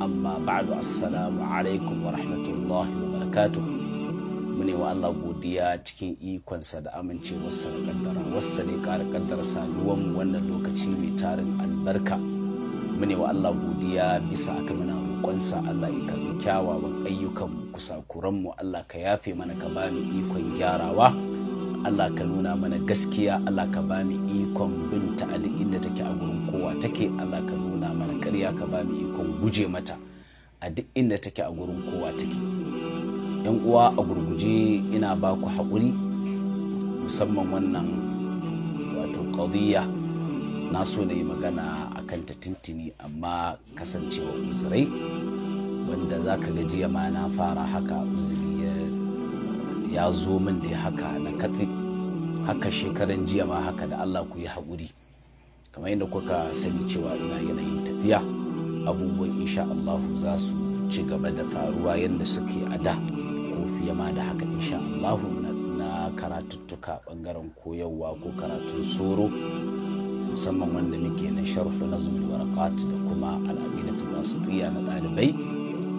amma baadu assalamu alaikum wa rahmatullahi wa barakatuh mu ne wa Allah godiya cikin ikonsa da amincewarsa da kaddara wasa ne ƙara kaddara saduwan wannan lokaci mai tarin albarka mu ne wa Allah godiya bisa aka muna roƙonsa Allah ya karbi kyawawan ayyukan kusakuran mu Allah ka yafe mana ka ba mu ikon gyarawa Allah ka nuna mana gaskiya Allah ka ba mu ikon bin ta inda take a gurin kowa take Allah ka nuna karya ka ba mu ikon guje mata a duk inda take a gurin kowa take yan uwa a gurguje ina ba ku haƙuri musamman wannan wato ƙadiyya na so na yi magana a kan ta tintini amma kasancewa uzurai wanda za ka gaji ma na fara haka uzuri ya zo min da haka na katse haka shekaran jiya ma haka da allah ku yi haƙuri kamar yadda kuka sani cewa ina yanayin tafiya abubuwan insha Allah za su ci gaba da faruwa yadda suke a da ko fiye ma da haka insha Allah na karatuttuka bangaren koyarwa ko karatun soro musamman wanda muke na sharhu na warqat da kuma wasu tsiya na ɗalibai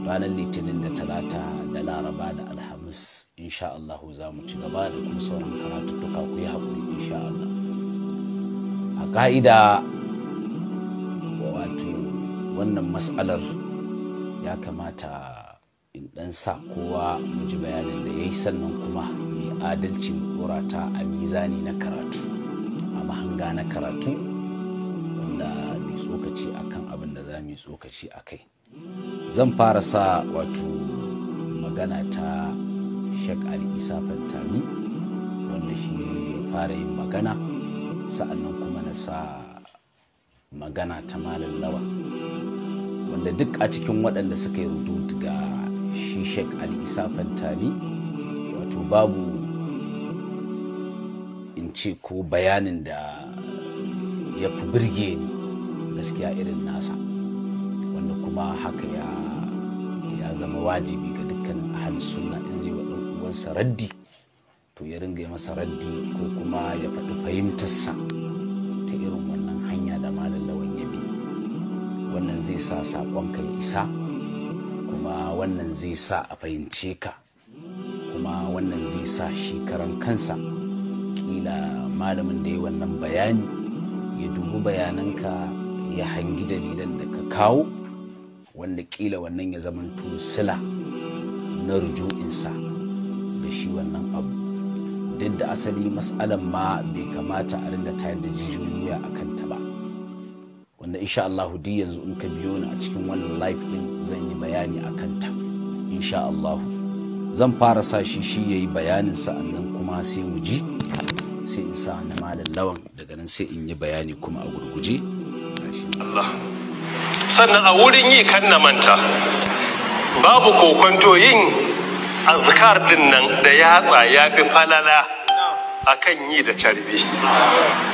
ranar litinin da talata da laraba da alhamis insha Allah za mu ci gaba da kuma sauran karatuttuka ku yi haƙuri insha Allah a ƙa'ida wato wannan matsalar ya kamata in ɗan sa kowa mu ji bayanin da ya yi sannan kuma mai adalci korata a mizani na karatu a mahanga na karatu wanda mai tsokaci kan abin da za mu yi tsokaci a kai zan fara sa wato magana ta shek al'isa isa fantami wanda shi fara yin magana sa'annan kuma na sa magana ta malin lawa wanda duk a cikin waɗanda suka yi rudut ga shishek al'isa ali fantami wato babu in ce ko bayanin da ya fi birge ni gaskiya irin nasa wanda kuma haka ya zama wajibi ga dukkan ahal suna in zai wa uwansa raddi to ya ringa masa raddi ko kuma ya faɗi fahimtarsa ta irin wannan hanya da malam lawan ya bi wannan zai sa saƙon kai isa kuma wannan zai sa a fahimce ka kuma wannan zai sa shi kansa kila malamin da ya wannan bayani ya dubi bayananka ya hangi dalilan da ka kawo wanda kila wannan ya zama sila na rujuinsa da shi wannan abu duk da asali matsalan ma bai kamata a rinda tayar da jijiyoyi a kanta ba wanda insha Allahu duk yanzu in ka biyo ni a cikin wannan live din zan yi bayani a kanta insha Allahu zan fara sa shi shi yayi bayanin annan kuma sai mu ji sai in sa na malam daga nan sai in yi bayani kuma a gurguje Allah sannan a wurin yi kan na manta babu kokonto yin azkar din nan da yatsa ya fi falala a kan yi da carbi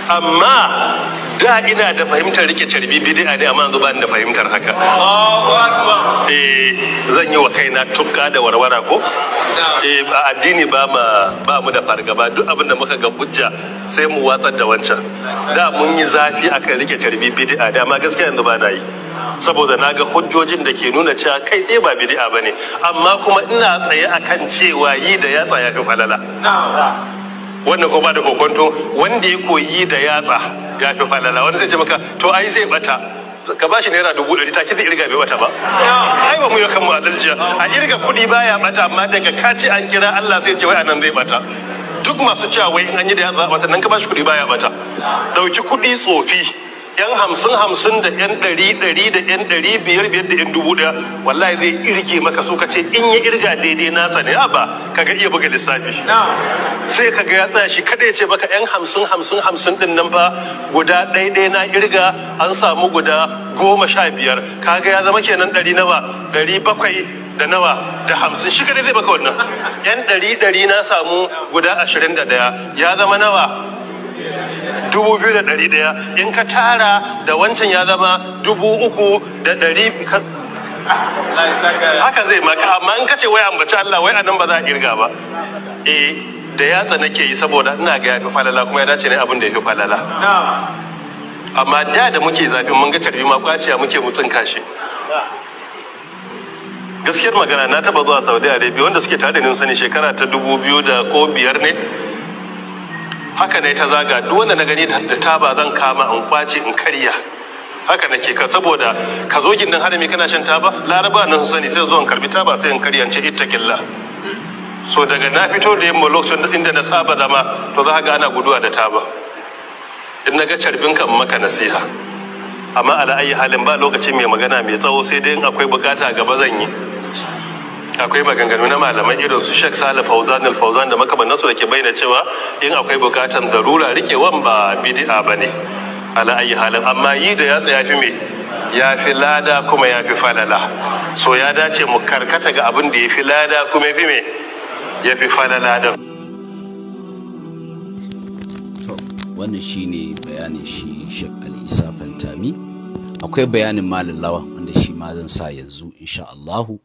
amma da ina da fahimtar rike carbi bid'a ne amma yanzu ba da fahimtar haka eh, zan yi wa kaina tukka da warwara ko eh, a addini ba ma mu da fargaba duk abin da muka ga hujja sai mu watsar da wancan da mun yi zafi akan rike carbi bid'a ne amma gaskiya yanzu ba na yi saboda na ga hujjojin da ke nuna cewa kai tsaye ba bidi'a ba ne amma kuma ina tsaye akan cewa yi da yatsa ya fi falala wannan ko ba da kokonto wanda ya koyi da yatsa ya fi falala wanda zai ce maka to ai zai bata ka bashi naira dubu ɗari ta kizi irga bai bata ba ai ba mu yi kanmu adalciya a irga kuɗi baya bata amma daga kaci an kira Allah zai ce wai anan zai bata duk masu cewa wai an yi da yatsa bata nan ka bashi kuɗi baya bata dauki kuɗi tsofi yan hamsin hamsin da yan ɗari ɗari da yan ɗari biyar biyar da yan dubu ɗaya wallahi zai irge maka so kace in ya irga daidai nasa ne ba kaga iya buga lissafi sai kaga ya tsaya shi kada ya ce maka yan hamsin hamsin hamsin din nan ba guda ɗaya ɗaya na irga an samu guda goma sha biyar kaga ya zama kenan ɗari nawa ɗari bakwai da nawa da hamsin shi kadai zai baka wannan yan ɗari ɗari na samu guda ashirin da ɗaya ya zama nawa dubu biyu da ɗari ɗaya in ka tara da wancan ya zama dubu uku da ɗari haka zai maka amma in ka ce wai ambaci Allah wai anan ba za a girga ba eh da yatsa nake yi saboda ina ga yafi falala kuma ya dace ne abin da yafi falala amma da da muke zafi mun ga tarbi ma kwaciya muke mutsin kashi gaskiyar magana na taba zuwa saudi arabia wanda suke tare da ni sani shekara ta dubu biyu da ko biyar ne haka ne ta zaga duk wanda na gani da ta ba zan kama in kwace in karya haka nake ka saboda ka zo gindin harami kana shan taba laraba nan sani sai zo in karbi taba sai in karya ce killa. so daga na fito da yamma lokacin inda na saba zama to za ga ana guduwa da taba in na ga carbin kan maka nasiha amma ala ayi halin ba lokaci mai magana mai tsawo sai dai in akwai bukata gaba zan yi akwai maganganu na malamai irin su Sheikh Salih Fauzan al-Fauzan da makamantansu da ke bayyana cewa in akwai bukatan darura wan ba bid'a bane ala ayi halin amma yi da ya tsaya fi me ya fi lada kuma ya fi falala so ya dace mu karkata ga abin da ya fi lada kuma ya fi me ya fi falala da to wannan shine bayanin shi Sheikh al'isa isa Fantami akwai bayanin malallawa wanda shi ma zan sa yanzu insha Allahu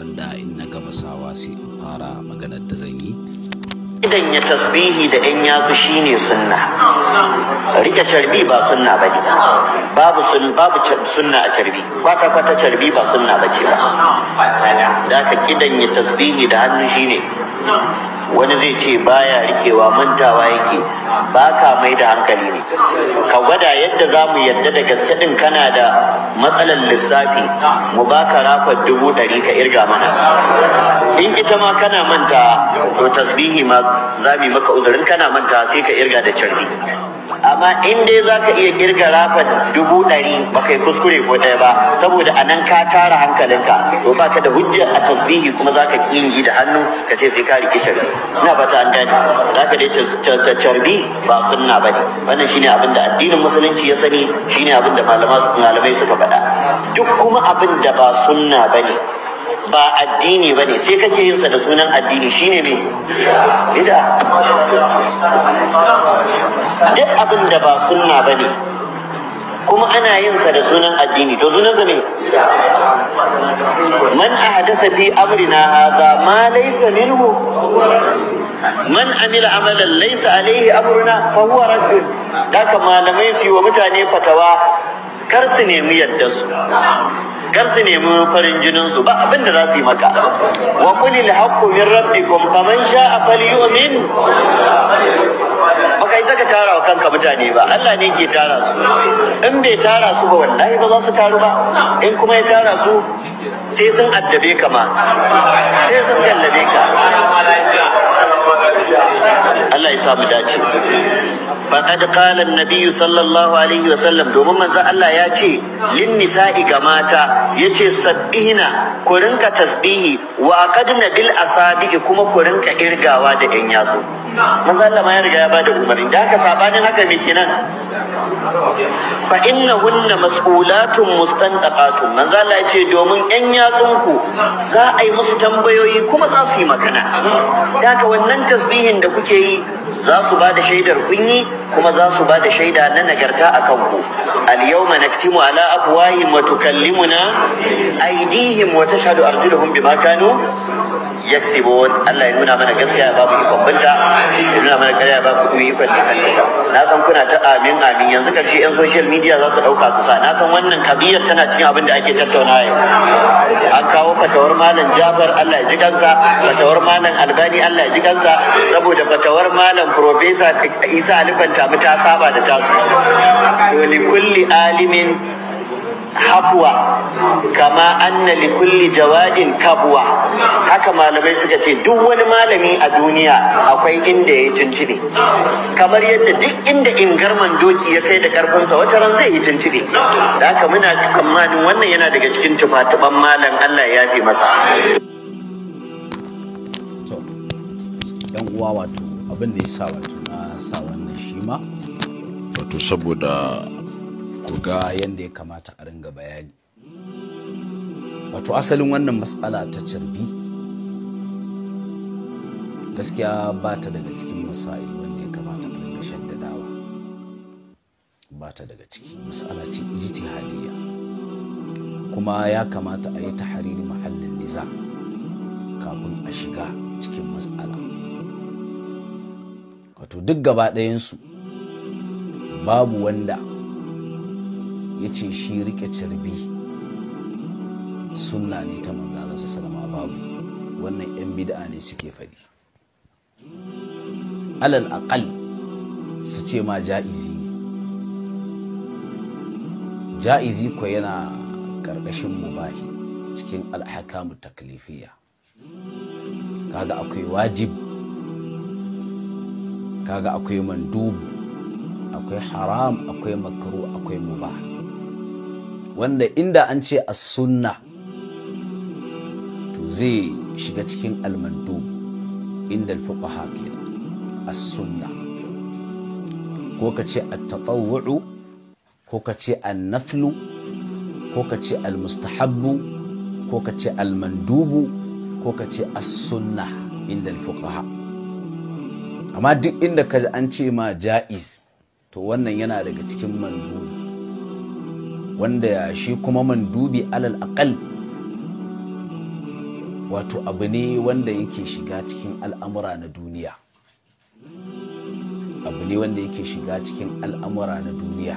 wanda in na gama sawa sai in fara maganar da zan yi idan ya tasbihi da yan yatsu shine sunna rike carbi ba sunna ba ne babu sun babu sunna a carbi kwata kwata carbi ba sunna ba ce ba da ka kidan ya tasbihi da hannu shine wani zai ce baya rikewa mantawa yake ba ka mai da hankali ne ka gwada yadda za mu yadda da gaske din kana da matsalar lissafi mu ba ka rafa dubu ɗari ka irga mana in ita ma kana manta to tasbihi ma za mu yi maka uzurin kana manta sai ka irga da carbi amma in dai za ka iya kirga rafa dubu ɗari ba kai kuskure ko ɗaya ba saboda a nan ka tara hankalinka to ba ka da hujjar a tasbihi kuma za ka yi da hannu ka ce sai ka riƙi carbi ina ta an gani. za ka dai carbi ba sunna ba ne wannan shine abin da addinin musulunci ya sani shine abin da malamai suka faɗa duk kuma abin da ba sunna ba ne ba addini ba ne sai kake yinsa da sunan addini shine ne bida duk abin da ba sunna ba ne kuma ana yinsa da sunan addini to sa ne man ahdasa fi amrina hadha ma laysa minhu man amila amalan laysa alayhi amruna fa huwa raddun haka malamai su yi wa mutane fatawa kar su nemi yadda su kar su nemi farin jinin su ba abin da za su yi maka wa qulil haqqu min rabbikum faman sha'a falyu'min baka isa ka tara wa kanka mutane ba Allah ne ke tara su in bai tara su ba wallahi ba za su taru ba in kuma ya tara su sai sun addabe ka ma sai sun gallabe ka Allah ya samu dace faqad qala an-nabiy sallallahu alaihi wasallam domin manzo Allah ya ce lin nisa'i ga mata ya ce sabbihina ku rinka tasbihi wa qadna bil asabi kuma ku rinka irgawa da yan yatsu manzo Allah ma ya riga ya bada umarni da haka sabanin haka me kenan fa innahunna mas'ulatun mustandaqatun manzo Allah ya ce domin yan yatsun ku za a yi musu tambayoyi kuma za su yi magana da haka wannan tasbihin da kuke yi za su ba da shaidar kunyi kuma za su ba da shaida na nagarta a kanku al-yawma naktimu ala afwahihim wa tukallimuna aydihim wa tashhadu arjuluhum bima kanu yaksibun Allah ya nuna mana gaskiya ya ba mu ikon ya nuna mana kariya ya ba ku ikon nisanta na san kuna ta amin amin yanzu karshe yan social media za su ɗauka su sa na san wannan kabiyar tana cikin abin da ake tattauna yau an kawo fatawar malam Jafar Allah ya ji kansa fatawar malam Albani Allah ya ji kansa saboda fatawar malam Professor Isa Alifanta tamu ta saba da tasu to li kulli alimin habwa kama anna li kulli jawadin kabwa haka malamai suka ce duk wani malami a duniya akwai inda ya cincibe kamar yadda duk inda ingarman doki ya kai da karfinsa wata ran zai yi cincibe da haka muna tsammanin wannan yana daga cikin tufatuban malam Allah ya fi masa Dan uwa wato abin da ya sa wato na sa wannan ma wato saboda ku ga yadda ya kamata a ringa bayani wato asalin wannan matsala ta carbi gaskiya ba ta daga cikin masai wanda ya kamata a ringa shaddadawa ba ta daga ciki matsala ce ijtihadiyya kuma ya kamata a yi tahariri mahallin niza kafin a shiga cikin matsala wato duk gaba ɗayansu babu wanda ya ce shi rike carbi sunna ne ta manzanarsa salama babu wannan 'yan bid'a ne suke faɗi alal aƙal su ce ma ja'izi ja'izi ko yana ƙarƙashin mubahi cikin alhakamu taklifiya kaga akwai wajib kaga akwai mandubu akwai haram akwai makaru akwai mubaha wanda inda an ce a sunna to zai shiga cikin almandu inda alfuqaha kenan a sunna ko ka ce a tatawwu ko ka ce a naflu ko ka ce al-mustahabbu ko ka ce almandubu ko ka ce a sunna inda alfuqaha amma duk inda ka ji an ce ma ja'iz to wannan yana daga cikin mandubi wanda shi kuma mandubi alal aƙal wato abu ne wanda yake shiga cikin al'amura na duniya abu ne wanda yake shiga cikin al'amura na duniya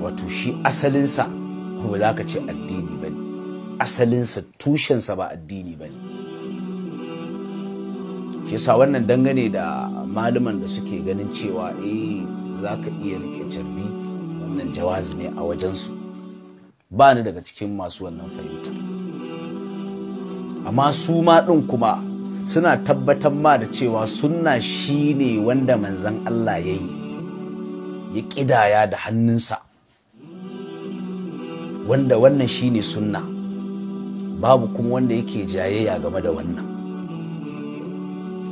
wato shi asalinsa ba za ka ce addini ba ne asalinsa tushensa ba addini ba ne yasa wannan dangane da malaman da suke ganin cewa eh za ka iya rike carbi wannan jawazi ne a wajensu ba ni daga cikin masu wannan fahimta amma su ma ɗin kuma suna tabbatar ma da cewa sunna shi ne wanda manzan Allah ya yi ya kidaya da hannunsa wanda wannan shi ne sunna babu kuma wanda yake jayayya game da wannan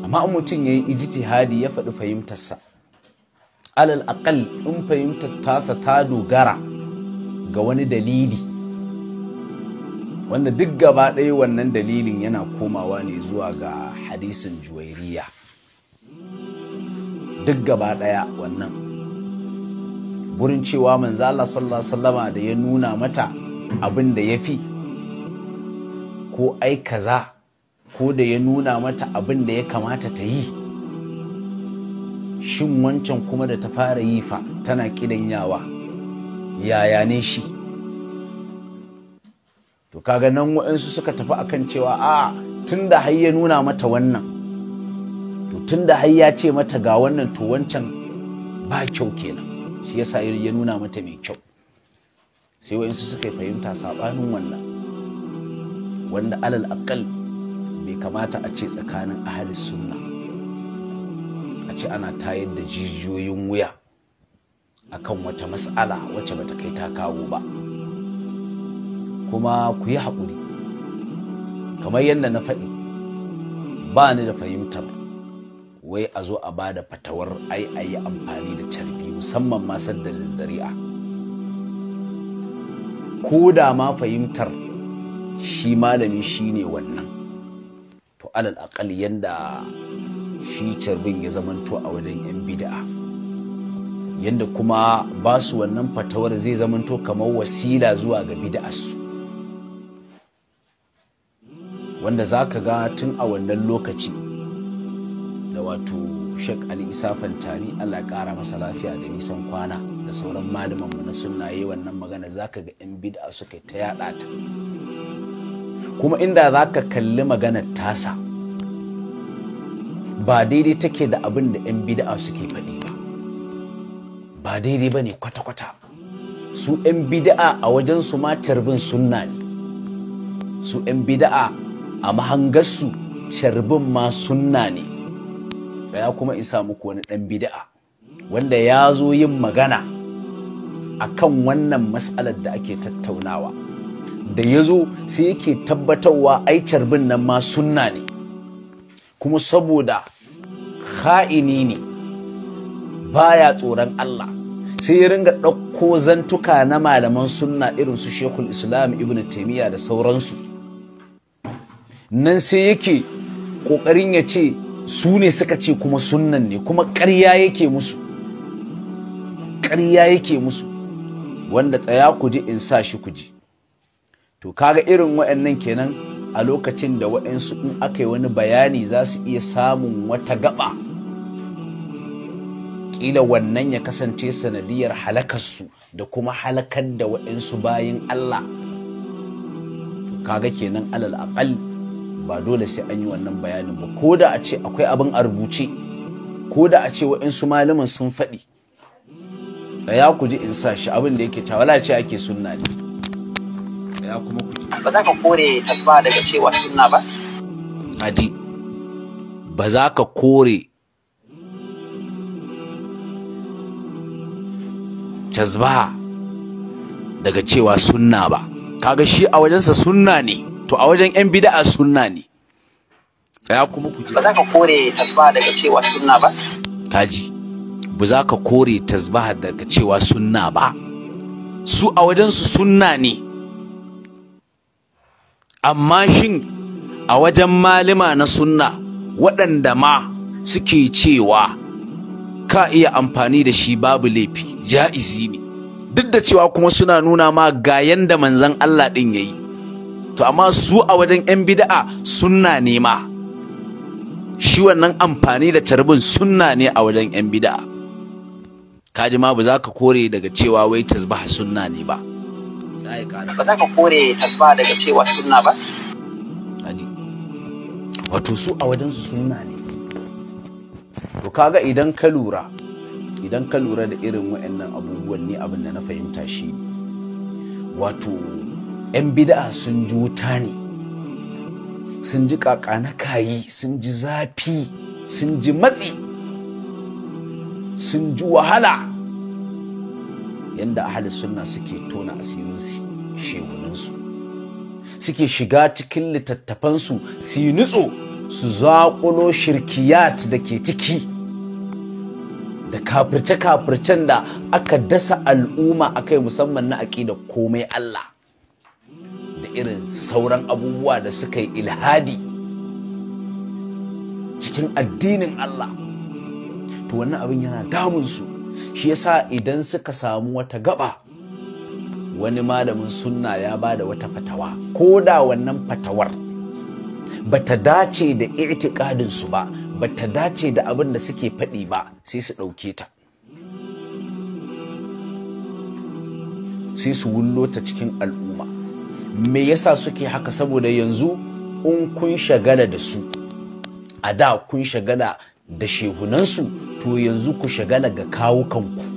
amma in mutum ya yi ijtihadi ya faɗi fahimtarsa alal aƙal in fahimtar tasa ta dogara ga wani dalili wanda duk gaba ɗaya wannan dalilin yana komawa ne zuwa ga hadisin juwairiya duk gaba ɗaya wannan gurin cewa manza Allah sallallahu alaihi wasallama da ya nuna mata abin da ya fi ko ai kaza ko da ya nuna mata abin da ya kamata ta yi shin wancan kuma da ta fara yi fa tana yawa yaya ne shi to kaga nan waɗansu suka tafi akan cewa a tun da har ya nuna mata wannan to tun da har ya ce mata ga wannan to wancan ba kyau kenan shi yasa ya nuna mata mai kyau sai waɗansu suka fahimta sabanin wannan wanda alal akal Mai kamata a ce tsakanin ahalis sunna a ce ana tayar da jijiyoyin wuya a kan wata matsala wacce bata kai ta kawo ba kuma ku yi haƙuri kamar yadda na faɗi ba ni da fahimtar wai a zo a ba da fatawar ai a yi amfani da carbi musamman masar da zari'a ko da ma fahimtar shi malami shi ne wannan alal akal yanda shi carbin ya zamanto a wajen 'yan bida'a yadda kuma ba su wannan fatawar zai zamanto kamar wasila zuwa ga bida'arsu wanda za ka ga tun a wannan lokaci da wato shek ali isa fantari allah kara masa lafiya da nisan kwana da sauran malamanmu na sunnaye wannan magana za ka ga 'yan bida'a suka ta yada ta kuma inda za ka kalli maganar tasa ba daidai take da abin da 'yan bida'a suke faɗi ba ba daidai ba ne kwata-kwata su 'yan bida'a a wajen su ma carbin sunna ne su 'yan bida'a a mahangarsu carbin ma sunna ne ya kuma isa muku wani ɗan bida'a wanda ya zo yin magana a kan wannan matsalar da ake tattaunawa da ya zo sai yake tabbatarwa ai carbin nan ma sunna ne kuma saboda ha'ini ne baya tsoron Allah sai ya ringa ɗauko zantuka na malaman sunna irin su shekul islam ibn taimiyya da sauransu nan sai yake ƙoƙarin ya ce su ne suka ce kuma sunnan ne kuma ƙarya yake musu ƙarya yake musu wanda tsaya ku ji in sa shi ku ji to kaga irin waɗannan kenan a lokacin da waɗansu in aka yi wani bayani za su iya samun wata gaba ƙila wannan ya kasance sanadiyar halakarsu da kuma halakar da waɗansu bayan Allah kaga kenan alal aƙal ba dole sai an yi wannan bayanin ba ko da a ce akwai abin a rubuce ko da a ce waɗansu malaman sun faɗi tsaya ku ji in sa shi abin da yake tawala ce ake sunna ne kuma ku ba za ka kore tasba daga cewa sunna ba adi ba za ka kore tasba daga cewa sunna ba kaga shi a wajensa sunna ne to a wajen yan bid'a sunna ne tsaya kuma ku ba za ka kore tasba daga cewa sunna ba kaji ba za ka kore tasbaha daga cewa sunna ba su a wajensu sunna ne amma shin a wajen malima na sunna waɗanda ma suke cewa ka iya amfani da shi babu laifi ja'izi ne duk da cewa kuma suna nuna ma ga yanda manzan Allah ɗin ya yi, to amma su a wajen 'yan bida'a sunna ne ma shi wannan amfani da tarbin sunna ne a wajen 'yan bida'a kaji ma ba za ka kore daga cewa wai tasbaha sunna ne ba ya ba za ka kore tasba daga cewa suna ba wato su a wajen su sunna ne to kaga idan ka lura idan ka lura da irin wa'annan abubuwan ne abin da na fahimta shi wato 'yan bida'a sun ji wuta ne sun ji kaka na kayi sun ji zafi sun ji matsi sun ji wahala yadda ahli sunna suke tona asirinsu shegunansu suke shiga cikin littattafansu su yi nutso su zaƙulo shirkiyat da ke ciki da kafirce-kafircen da aka dasa al'umma a kai musamman na da komai Allah da irin sauran abubuwa da suka yi ilhadi cikin addinin Allah to wannan abin yana damunsu shi yasa idan suka samu wata gaba wani malamin sunna ya ba da wata fatawa ko da wannan fatawar ba ta dace da itikadinsu ba ba ta dace da abin da suke faɗi ba sai su ɗauke ta sai su wullo ta cikin al'umma me yasa suke haka saboda yanzu in kun shagala da su a da kun shagala da shehunansu to yanzu ku shagala ga kawukanku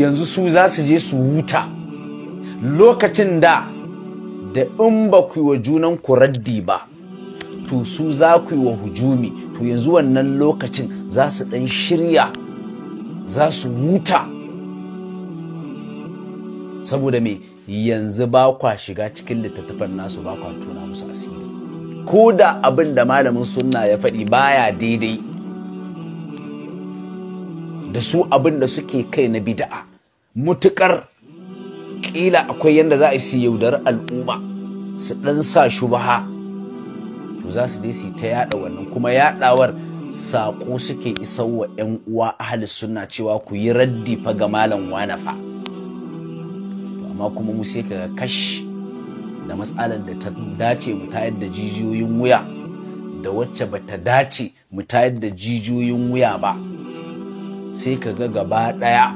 yanzu su za su je su wuta lokacin da da in ba ku yi wa junan ku raddi ba to su za ku yi wa hujumi to yanzu wannan lokacin za su ɗan shirya za su huta saboda me yanzu ba kwa shiga cikin littattafan nasu ba kwa tona musu asiri ko da abin da malamin sunna ya faɗi baya daidai da su abin da suke kai na bida'a mutukar kila akwai yadda za a su yaudar al'umma su ɗan sa shubaha to za su dai su ta yaɗa wannan kuma yaɗawar saƙo suke isar wa 'yan uwa ahli sunna cewa ku yi raddi fa ga malam wana fa amma kuma mu sai kaga kash da matsalar da ta dace mu tayar da jijiyoyin wuya da wacce ba ta dace mu tayar da jijiyoyin wuya ba sai ka ga gaba ɗaya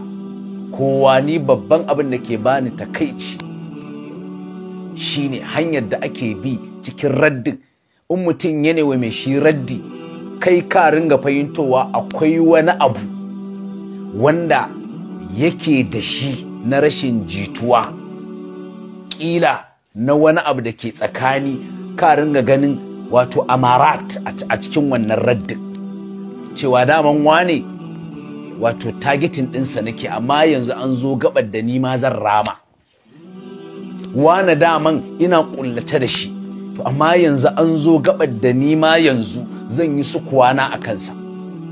kowa ni babban abin da ke bani takaici shine hanyar da ake bi cikin raddin in mutum wa mai shi raddi kai ka ringa fahimtowa akwai wani abu wanda yake da shi na rashin jituwa ƙila na wani abu da ke tsakani ka ringa ganin wato amarat a cikin wannan raddin cewa daman wane wato targetin ɗinsa nake amma yanzu an zo gabar da ni ma zan rama wane daman ina ƙullata da shi to amma yanzu an zo gabar da ni ma yanzu zan yi su kwana a kansa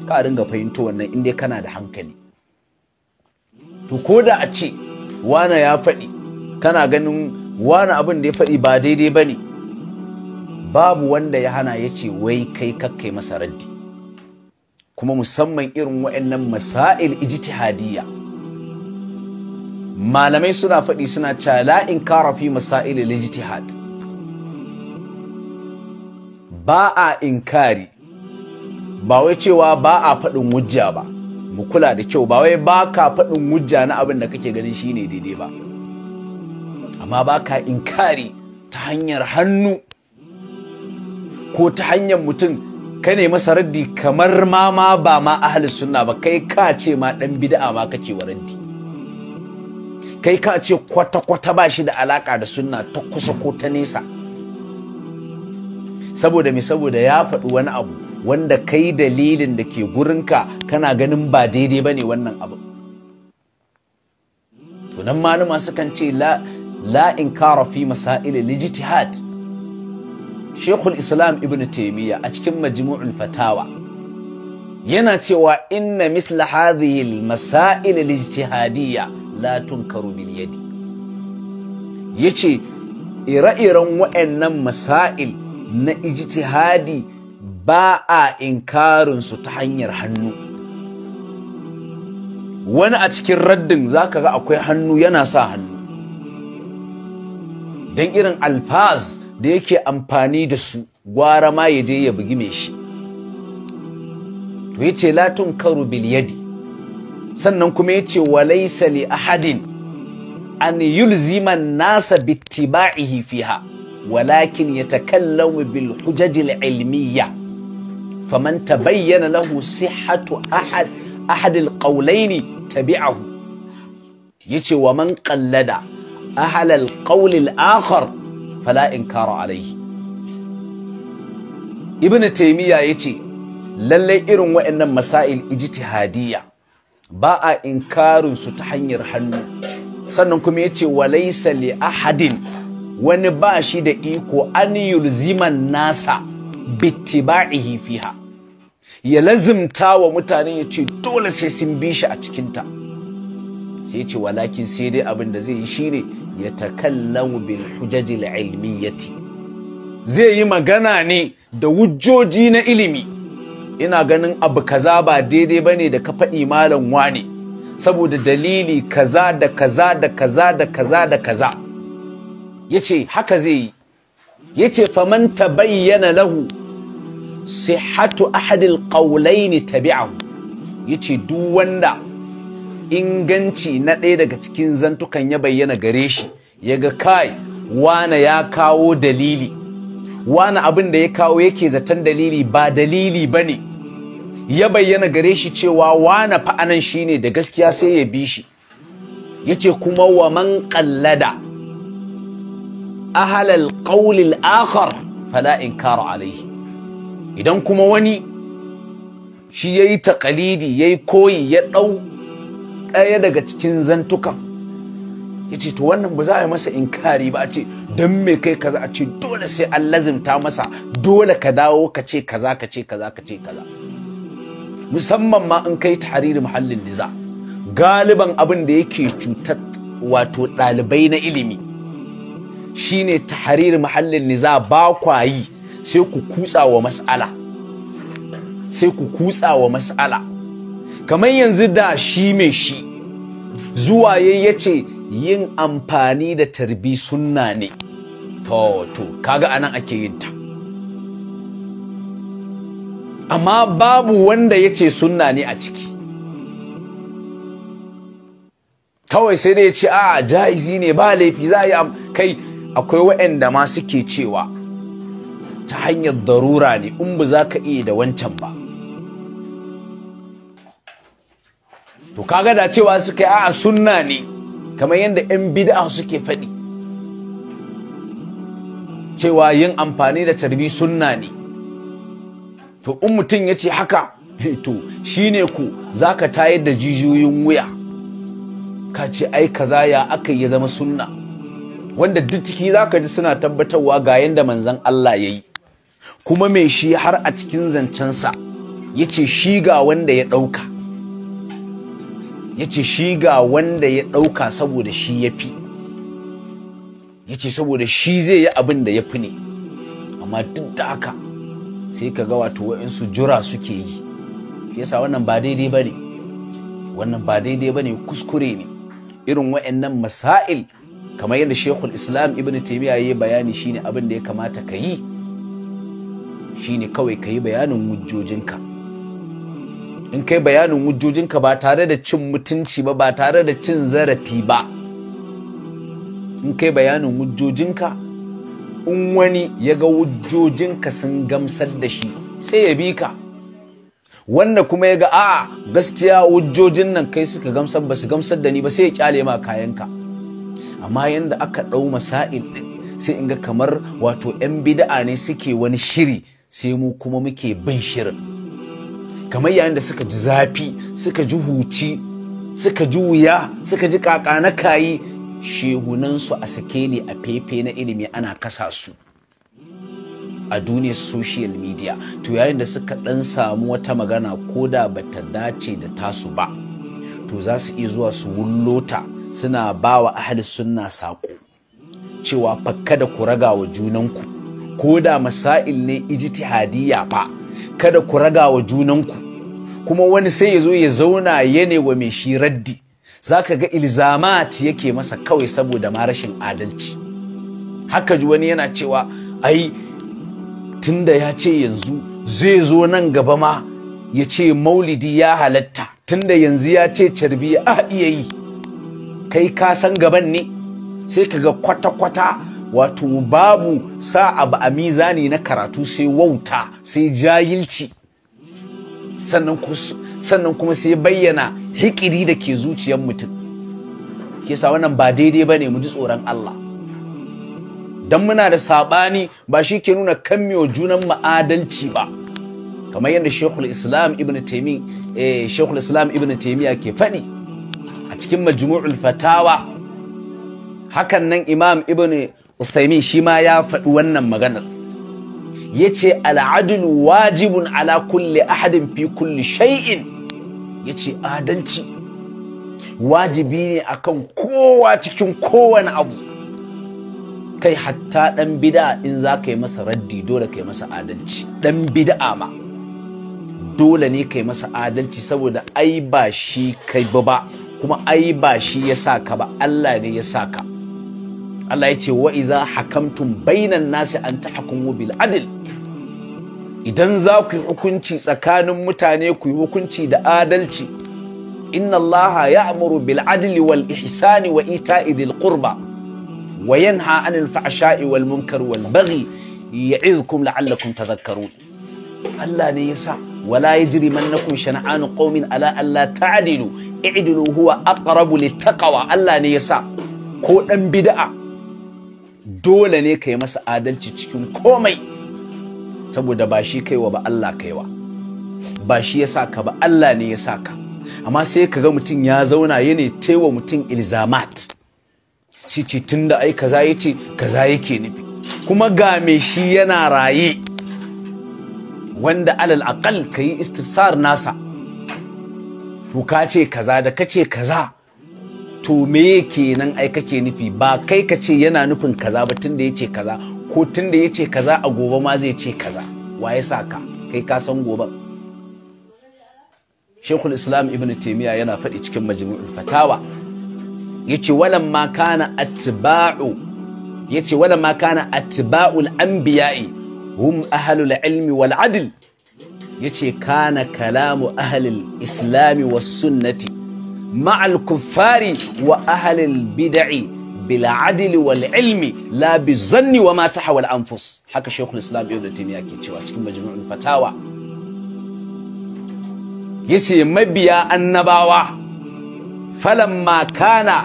ka ringa fahimta wannan in kana da hankali to ko da a ce wane ya faɗi kana ganin wane abin da ya faɗi ba daidai ba ne babu wanda ya hana ya ce wai kai kakkai masa kuma musamman irin waɗannan masail ijtihadiyya malamai suna faɗi suna cewa la kara fi masail ijtihad ba a inkari ba wai cewa ba a faɗin wujja ba mu kula da kyau ba wai ba ka faɗin wujja na abin da kake ganin shine daidai ba amma ba ka inkari ta hanyar hannu ko ta hanyar mutum Ka ne masa raddi kamar ma ma ba ma ahlus sunna ba kai ka ce ma dan bid'a ma kake wa kai ka ce kwata kwata ba shi da alaka da sunna ta kusa ko ta nesa saboda me saboda ya faɗi wani abu wanda kai dalilin da ke gurinka kana ganin ba daidai ba ne wannan abu to nan malama sukan ce la la inkara fi masail shekul islam ibn taimiyya a cikin majmu'ul fatawa yana cewa inna misla hadhihi al-masail al-ijtihadiyya la tunkaru bil yadi yace ire-iren waɗannan masail na ijtihadi ba a inkarin su ta hanyar hannu wani a cikin raddin zaka ga akwai hannu yana sa hannu dan irin alfaz da yake amfani da su gwara ma ya je ya bugi mai shi to yace ce latun karu biliyadi sannan kuma yace ce walaisa li ahadin an yulziman nasa bittiba'ihi fiha walakin yatakallamu bil hujajil ilmiyya faman bayyana lahu sihhatu ahad ahad al qawlaini tabi'ahu yace wa man qallada ahal al qawl al akhar fala inkara alaihi ibn ya ce, lallai irin waɗannan masail ijtihadiyya ba a inkarin su ta hanyar hannu sannan kuma ya yace walaysa li ahadin wani ba shi da iko an yulziman nasa bittiba'ihi fiha ya lazimta wa mutane ya ce dole sai sun bi shi a cikinta sai ce walakin sai dai abin da zai yi shi ne. ya takallamu bil hujajil ilmiyati zai yi magana ne da wujjoji na ilimi ina ganin abu kaza ba daidai ba ne da ka faɗi malam wani saboda dalili kaza da kaza da kaza da kaza da kaza yace haka zai yi yace faman bayyana lahu sihhatu ahadil qawlaini tabi'ahu yace duk wanda inganci na ɗaya daga cikin zantukan ya bayyana gare shi ya ga kai wane ya kawo dalili wane abin da ya kawo yake zaton dalili ba dalili ba ne ya bayyana gare shi cewa wane fa'anan shi ne da gaskiya sai ya bi shi ya ce kuma wa man A ahalal ƙaulil akhar fala in alaihi idan kuma wani shi ya yi taƙalidi ya yi koyi ya ɗau ɗaya daga cikin zantukan ya ce to wannan ba za a yi masa inkari ba a ce don me kai kaza a ce dole sai an lazimta masa dole ka dawo ka ce kaza ka ce kaza ka ce kaza musamman ma in kai tahriri muhallin niza galiban abin da yake cutar wato ɗalibai na ilimi shine tahariri muhallin niza ba kwayi. sai ku kutsa wa mas'ala sai ku kutsa wa mas'ala kamar yanzu da shi mai shi zuwa ya ce yin amfani da tarbi sunna ne to kaga anan ake yin ta amma babu wanda ya ce sunna ne a ciki kawai sai dai ya ce a jaizi ne ba laifi za a yi kai akwai waɗanda ma suke cewa ta hanyar darura ne in ba za ka iya da wancan ba to kaga da cewa suka yi a'a sunna ne kamar yadda 'yan bid'a suke faɗi cewa yin amfani da carbi sunna ne to in mutum ya ce haka to shine ku za ka tayar da jijiyoyin wuya ka ce ai kaza ya aka ya zama sunna wanda duk ciki za ka ji suna tabbatarwa ga yadda manzan Allah ya yi kuma mai shi har a cikin zancensa ya ce shi ga wanda ya ɗauka yace shi ga wanda ya ɗauka saboda shi ya fi ya saboda shi zai yi abin da ya fi ne amma duk da haka sai ka ga wato wa'insu jura suke yi shi yasa wannan ba daidai ba ne wannan ba daidai ba ne kuskure ne irin wa'annan masail kamar yadda shekul islam ibn taimiyya ya bayani shine abin da ya kamata ka yi shine kawai ka yi bayanin ka in kai bayanin hujjojinka ba tare da cin mutunci ba ba tare da cin zarafi ba in kai bayanin hujjojinka in wani ya ga hujjojinka sun gamsar da shi sai ya bi ka wanda kuma ya ga a gaskiya hujjojin nan kai suka gamsar ba su gamsar da ni ba sai ya kyale ma kayanka amma yanda aka ɗau masa'il ɗin sai in ga kamar wato 'yan bida'a ne suke wani shiri sai mu kuma muke bin shirin kamar yayin da suka ji zafi suka ji huci suka ji wuya suka ji kaka na kayi shehunansu a sikeli a fefe na ilimi ana kasa su a duniyar social media to yayin da suka dan samu wata magana ko da bata dace da tasu ba to za su iya zuwa su wullota suna ba wa ahli sunna saƙo cewa fakka da ku raga wa junanku ko da masail ne ijtihadiyya fa kada ku raga wa junanku kuma wani sai ya zo ya zauna ya wa mai shi raddi za ka ga ilzamat yake masa kawai saboda ma rashin adalci haka ji wani yana cewa ai tunda ya ce yanzu zai zo nan gaba ma ya ce maulidi ya halatta tunda yanzu ya ce carbi a iya yi kai ka san gaban ne sai ka ga kwata-kwata wato babu sa abu a mizani na karatu sai wauta sai jayilci. sannan kuma sai bayyana hikiri da ke zuciyar mutum ke sa wannan ba daidai ba ne mu ji tsoron Allah dan muna da saɓani ba shi ke nuna kammiyo junan ma'adalci ba kamar yadda shekul islam ibn taimi eh, shekul islam ibn taimiya ke faɗi a cikin majmu'ul fatawa hakan nan imam ibn usaimin shi ma ya faɗi wannan maganar yace al'adul wajibun ala kulli ahadin fi kulli shay'in yace adalci wajibi ne akan kowa cikin kowane abu kai hatta dan bid'a in za ka yi masa raddi dole ka yi masa adalci dan bid'a ma dole ne ka yi masa adalci saboda ai ba shi kai ba ba kuma ai ba shi ya sa ka ba Allah ne ya sa ka Allah yace ce wa iza hakamtum bainan nasi an tahkumu bil adl idan za ku yi hukunci tsakanin mutane ku yi hukunci da adalci inna allaha amuru bil adli wal ihsani wa ita'i dhil qurba wa yanha 'anil fahsha'i wal munkar wal baghi ya'idhukum la'allakum tadhakkarun Allah ne yasa wala yajri mannakum shana'anu qaumin ala alla ta'dilu i'dilu huwa aqrabu lit taqwa Allah ne yasa ko dan bid'a dole ne ka yi masa adalci cikin komai saboda ba shi kaiwa ba Allah kaiwa ba shi ya saka ba Allah ne ya saka amma sai ka ga mutum ya zauna ya ne taiwa mutum ilzamat shi ce tun da ai kaza ya ce kaza yake nufi kuma ga me shi yana raye wanda alal akal ka istifsar nasa to ka ce kaza da ka ce kaza to me kenan ai kake nufi ba kai ka ce yana nufin kaza ba tun da ya ce kaza ko tun da ya ce kaza a gobe ma zai ce kaza wa ya sa ka kai ka san gobe shekul islam ibn taimiyya yana faɗi cikin majmu'ul fatawa ya ce walan ma kana atba'u ya ce walan ma kana atba'ul anbiya'i hum ahlul ilmi wal adl ya ce kana kalamu ahlul islami was sunnati ma'al kuffari wa ahlul bid'i bila adili wal ilmi la bi zanni wa ma tahawal anfus haka shaykhul islam ibnu ke cewa cikin majmu'ul fatawa yace mabiya annabawa falamma kana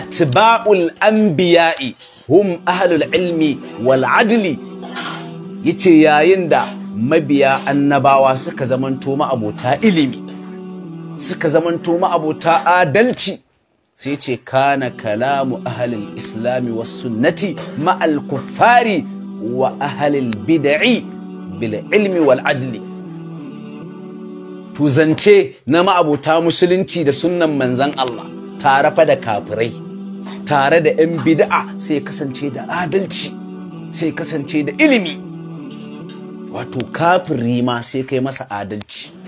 atba'ul anbiya'i hum ahlul ilmi wal adli yace yayin da mabiya annabawa suka zamanto abota ilimi suka zamanto abota adalci sai ce kana kalamu ahalil islami wa sunnati ma'al kuffari wa ahalil bida'i bil ilmi wal adli tuzance na ma'abuta musulunci da sunnan manzan Allah tare fa da kafirai tare da 'yan bida'a sai kasance da adalci sai kasance da ilimi wato kafiri ma sai kai masa adalci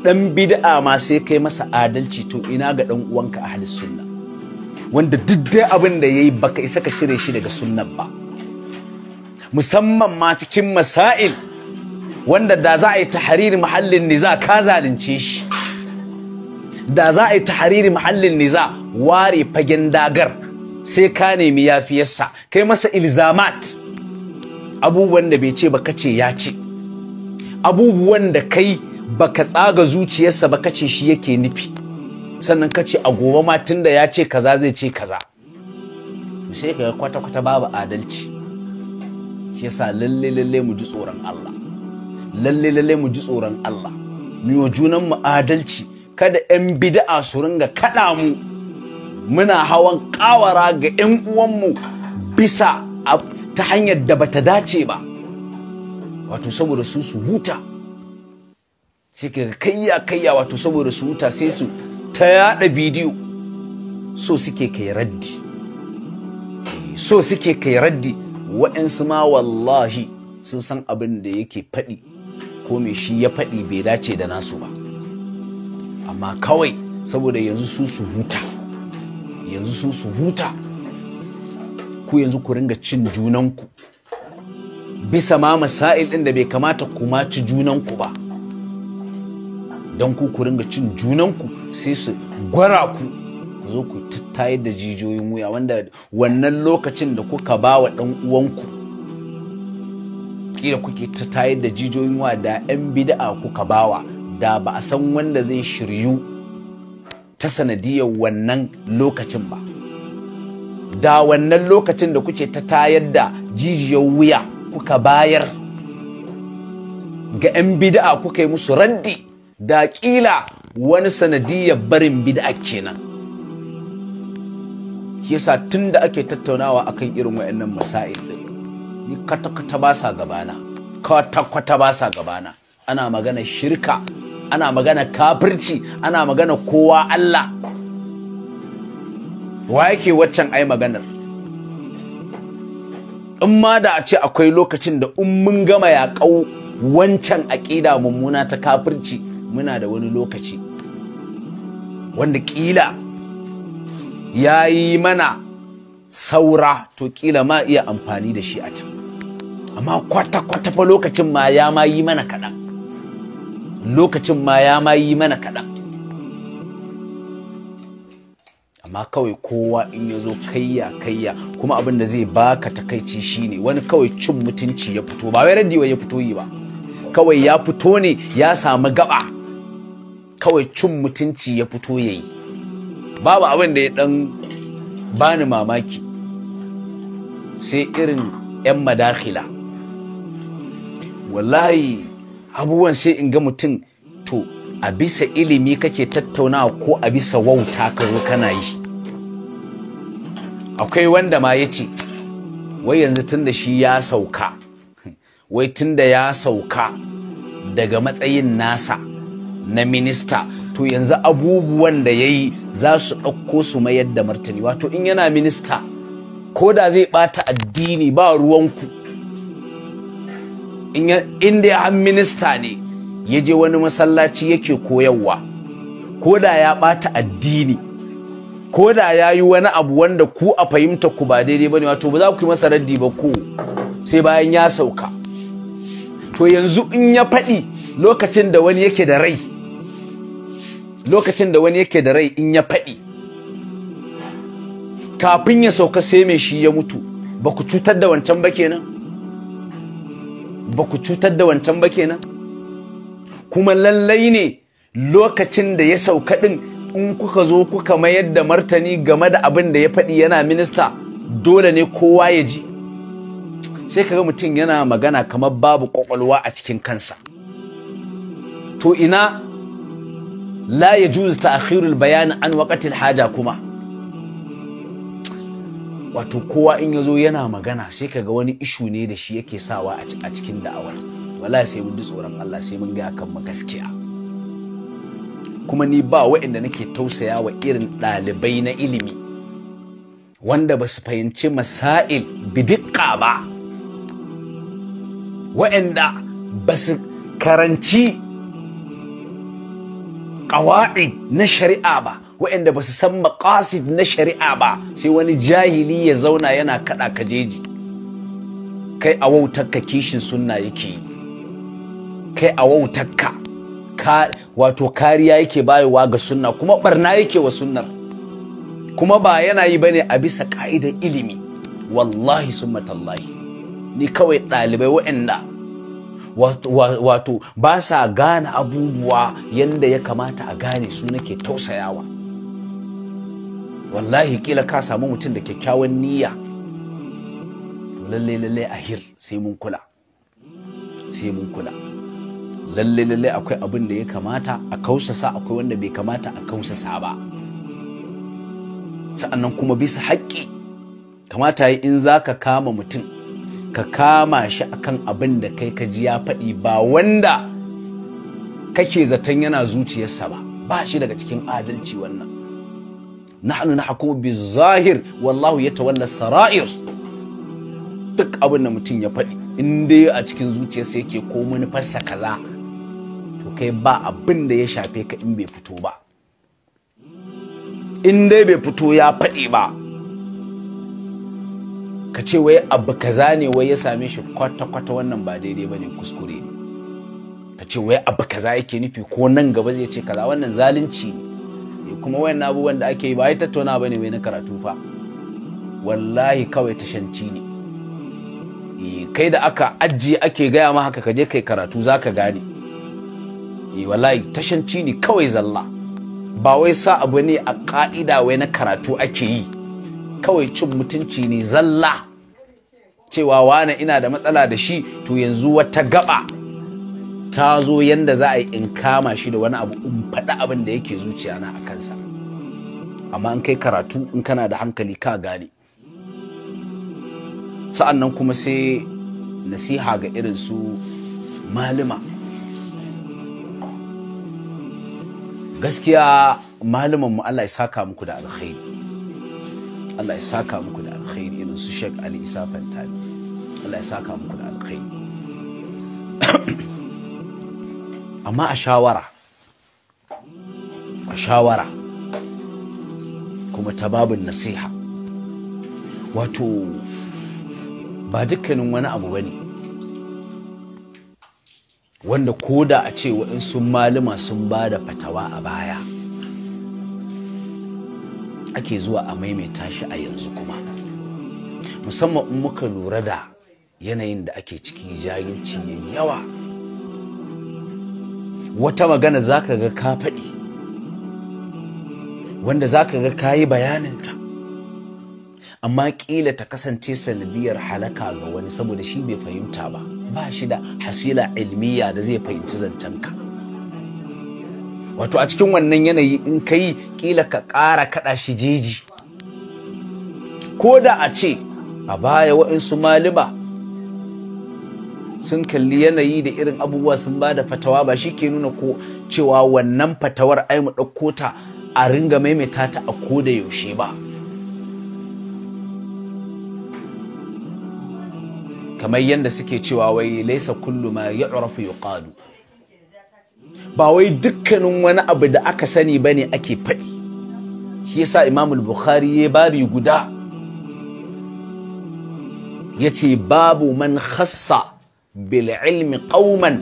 dan bid'a ma sai kai masa adalci to ina ga ɗan uwanka ahli sunna wanda duk dai abin da yayi baka isa ka cire shi daga sunnan ba musamman ma cikin masail wanda da za a yi tahariri mahallin niza ka zalunce shi da za a yi tahriri mahallin niza ware fagen dagar sai ka nemi yafiyarsa kai masa ilzamat abubuwan da bai ce ba kace ya ce abubuwan da kai baka tsaga zuciyarsa ba kace shi yake nufi sannan kace a gobe ma tunda ya ce kaza zai ce kaza to sai kai kwata kwata babu adalci shi yasa lalle lalle mu ji tsoron Allah lalle lalle mu ji tsoron Allah mu yi junan mu adalci kada yan bid'a su ringa kada mu muna hawan kawara ga yan uwanmu bisa ta hanyar da bata dace ba wato saboda su su huta sai ka kayya kayya wato saboda su huta sai su ta yada bidiyo so suke kai raddi eh, so suke kai raddi wa'yansu ma wallahi sun san abin da yake faɗi ko me shi ya faɗi bai dace da nasu ba amma kawai saboda yanzu su su huta yanzu su su huta ku yanzu ku ringa cin junanku bisa ma masa'il ɗin da bai kamata ku ma ci junanku ba don ku ku ringa cin junanku sai su gwara ku ku zo ku tattayar da jijiyoyin wuya wanda wannan lokacin da kuka ba wa ɗan uwanku kila kuke tattayar da jijiyoyin wuya da ɗan bida'a kuka bawa da ba a san wanda zai shiryu ta sanadiyar wannan lokacin ba da wannan lokacin da kuke ta tayar da jijiyar wuya kuka bayar ga 'yan bida'a kuka yi musu raddi da ƙila wani sanadiyar barin bid'a kenan yasa tun da ake tattaunawa akan irin wayannan masail ɗin ni kwata-kwata ba sa gabana kwata-kwata ba sa gabana ana magana shirka ana magana kafirci ana magana kowa Allah wa yake waccan ai maganar in ma da a ce akwai lokacin da in mun gama yaƙau wancan aƙida mummuna ta kafirci muna da wani lokaci wanda ƙila ya yi mana saura to ƙila ma iya amfani da shi a can amma kwata-kwata fa lokacin ma ya ma yi mana kaɗan lokacin ma ya ma yi mana kaɗan amma kawai kowa in ya zo kayya kayya kuma abin da zai baka takaici shine wani kawai cin mutunci ya fito ba wai radiyo ya fito yi ba kawai ya fito ne ya samu gaba kawai cin mutunci ya fito ya yi babu abin da ya dan bani mamaki sai irin 'yan madakila wallahi abubuwan sai in ga mutum to a bisa ilimi kake tattaunawa ko a bisa wauta ka zo kana yi akwai wanda ma ya ce wai yanzu tun da shi ya sauka wai tun da ya sauka daga matsayin nasa na minista to yanzu abubuwan da ya yi za su ɗauko su mayar da martani wato in yana minista ko da zai ɓata addini ba ruwanku da ya minista ne ya je wani masallaci yake koyarwa ko da ya ɓata addini ko da ya yi wani abu wanda ku a fahimta ku ba daidai ba ne wato ba za ku yi masa raddi ba ko sai bayan ya sauka to yanzu in ya faɗi lokacin da wani yake da rai lokacin da wani yake da rai in ya faɗi kafin ya sauka sai mai shi ya mutu ba ku cutar da wancan ba kenan ba ku cutar da wancan ba kenan kuma lallai ne lokacin da ya sauka ɗin in kuka zo kuka mayar da martani game da abin da ya faɗi yana minista dole ne kowa ya ji sai ga mutum yana magana kamar babu ƙwaƙwalwa a cikin kansa to ina la ya juzu ta'khirul bayan an waqatil haja kuma wato kowa in yazo yana magana sai kaga wani ishu ne da shi yake sawa a cikin da'awar wallahi sai mun ji tsoron Allah sai mun ga kan mu gaskiya kuma ni ba waɗanda nake tausaya wa irin ɗalibai na ilimi wanda ba su fahimci masail bidikka ba waɗanda ba su karanci ƙawa'id na shari'a ba waɗanda ba su san makasit na shari'a ba sai wani jahili ya zauna yana kaɗa ka jeji kai a wautarka kishin sunna yake yi kai a wautarka wato kariya yake bayowa ga sunna kuma barna yake wa sunnar kuma ba yana yi bane a bisa ka'idar ilimi wallahi summatallahi ni kawai ɗalibai waɗanda wato ba sa gane abubuwa yadda ya kamata a gane su nake tausayawa wallahi kila ka samu mutum da kyakkyawan niyya to lalle lalle ahir sai mun kula sai mun kula lalle lalle akwai abin da ya kamata a kausasa akwai wanda bai kamata a kausasa ba sa'annan kuma bisa haƙƙi kamata yi in za ka kama mutum ka kama shi kan abin da kai ka ji ya faɗi ba wanda kake zaton yana zuciyarsa ba ba shi daga cikin adalci wannan nahnu nahkumu bi zahir wallahu yatawalla sara'ir duk abin da mutum ya faɗi in dai a cikin zuciyarsa yake ko manufarsa kaza to kai ba abin da ya shafe ka in bai fito ba in dai bai fito ya faɗi ba ka ce wai abu kaza ne wai ya same shi kwata-kwata wannan ba daidai ba ne kuskure ne ka ce wai abu kaza yake nufi ko nan gaba zai ce kaza wannan zalunci ne eh, kuma wayan abubuwan da ake yi ba ya tattauna ba ne wai na karatu fa wallahi kawai tashanci ne eh, kai da aka ajiye ake gaya ma haka ka je kai karatu za ka gane eh, wallahi tashanci ne kawai zalla ba wai sa abu ne a ka'ida wai na karatu ake yi kawai cin mutunci ne zalla cewa wane ina da matsala da shi to yanzu wata gaba ta zo yanda za a yi in kama shi da wani abu in faɗi abin da yake zuciya na a kansa amma in kai karatu in kana da hankali ka gane sa'an nan kuma sai nasiha ga irin su malima gaskiya malaman mu Allah ya saka muku da alkhairi Allah ya saka muku da alkhairi irin su Sheikh Ali Isa Fantani Allah ya saka muku da alkhairi amma a shawara a shawara kuma ta babin nasiha wato ba dukkanin wani abu ba ne wanda koda a ce wa'in sun malama sun ba da fatawa a baya ake zuwa a maimaita shi a yanzu kuma musamman in muka lura da yanayin da ake ciki jahilci ya yawa wata magana za ka ga ka faɗi wanda za ka ga ka yi bayaninta amma ƙila ta kasance sanadiyar halaka ga wani saboda shi bai fahimta ba ba shi da hasila ilmiya da zai fahimci zancenka wato a cikin wannan yanayi in ka yi kila ka ƙara kaɗa shi jeji ko da a ce a baya wa'insu malima sun kalli yanayi da irin abubuwa sun ba da fatawa ba shi ke nuna ko cewa wannan fatawar ai mu ɗauko ta a ringa maimaita ta a ko da yaushe ba kamar yadda suke cewa wai laisa kullu ma ya'rafu yuqalu ba wai dukkanin wani abu da aka sani ba ne ake faɗi shi yasa imam bukhari ya babi guda ya ce babu man khassa bil ilmi ƙauman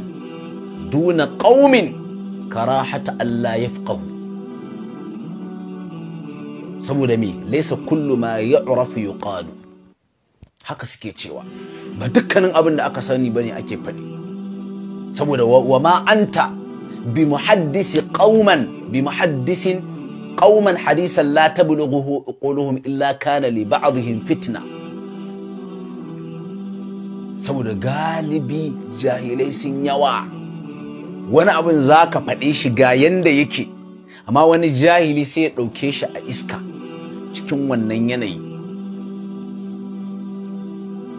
duna ƙaumin karahata Allah yafqahu saboda me laysa kullu ma yu'rafu yuqalu haka suke cewa ba dukkanin abin da aka sani ne ake faɗi saboda wa ma anta bi muhaddisi qauman bi muhaddisin qauman hadisan la tablughu quluhum illa kana li ba'dihim fitna saboda galibi jahilai sun yawa wani abin za ka faɗe shi ga yanda yake amma wani jahili sai ya ɗauke shi a iska cikin wannan yanayi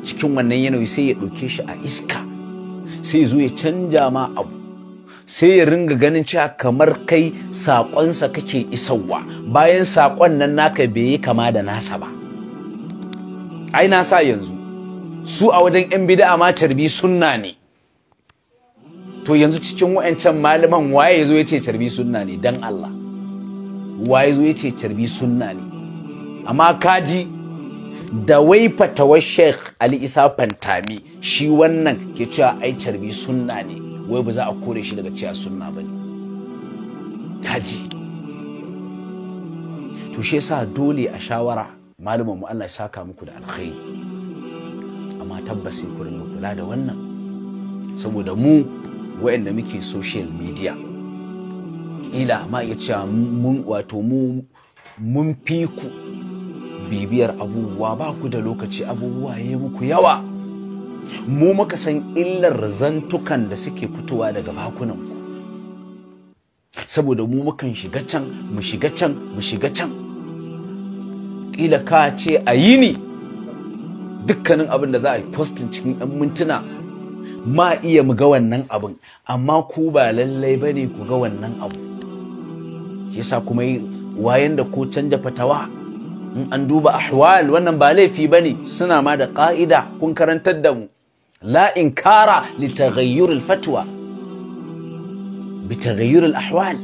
cikin wannan yanayi sai ya ɗauke shi a iska sai zo ya canja ma abu sai ya ringa ganin cewa kamar kai saƙonsa kake isarwa bayan saƙon nan naka bai yi kama da nasa ba ai na yanzu su a wajen 'yan bida ma carbi sunna ne to yanzu cikin wa'ancan malaman waye zo ya ce carbi sunna ne don Allah waye zo ya ce carbi sunna ne amma kaji da wai fatawar sheikh ali isa fantami shi wannan ke cewa ai carbi sunna ne wai ba za a kore shi daga cewa sunna ba ne taji to shi yasa dole a shawara malaman mu Allah ya saka muku da alkhairi amma tabbas ku rinka kula da wannan saboda mu waɗanda muke social media Ila ma iya cewa mun wato mu mun fi ku bibiyar abubuwa ba ku da lokaci abubuwa ya muku yawa mu muka san illar zantukan da suke fitowa daga bakunanku saboda mu mukan shiga can mu shiga can mu shiga can kila ka ce a yi ni dukkanin abin da za a yi postin cikin 'yan mintuna ma iya mu ga wannan abin amma ku ba lallai ba ne ku ga wannan abu yasa kuma yi wayan da ko canja fatawa in an duba ahwal wannan ba laifi ba ne suna ma da ka'ida kun karantar da mu la inkara li taghayyur al-fatwa bi taghayyur al-ahwal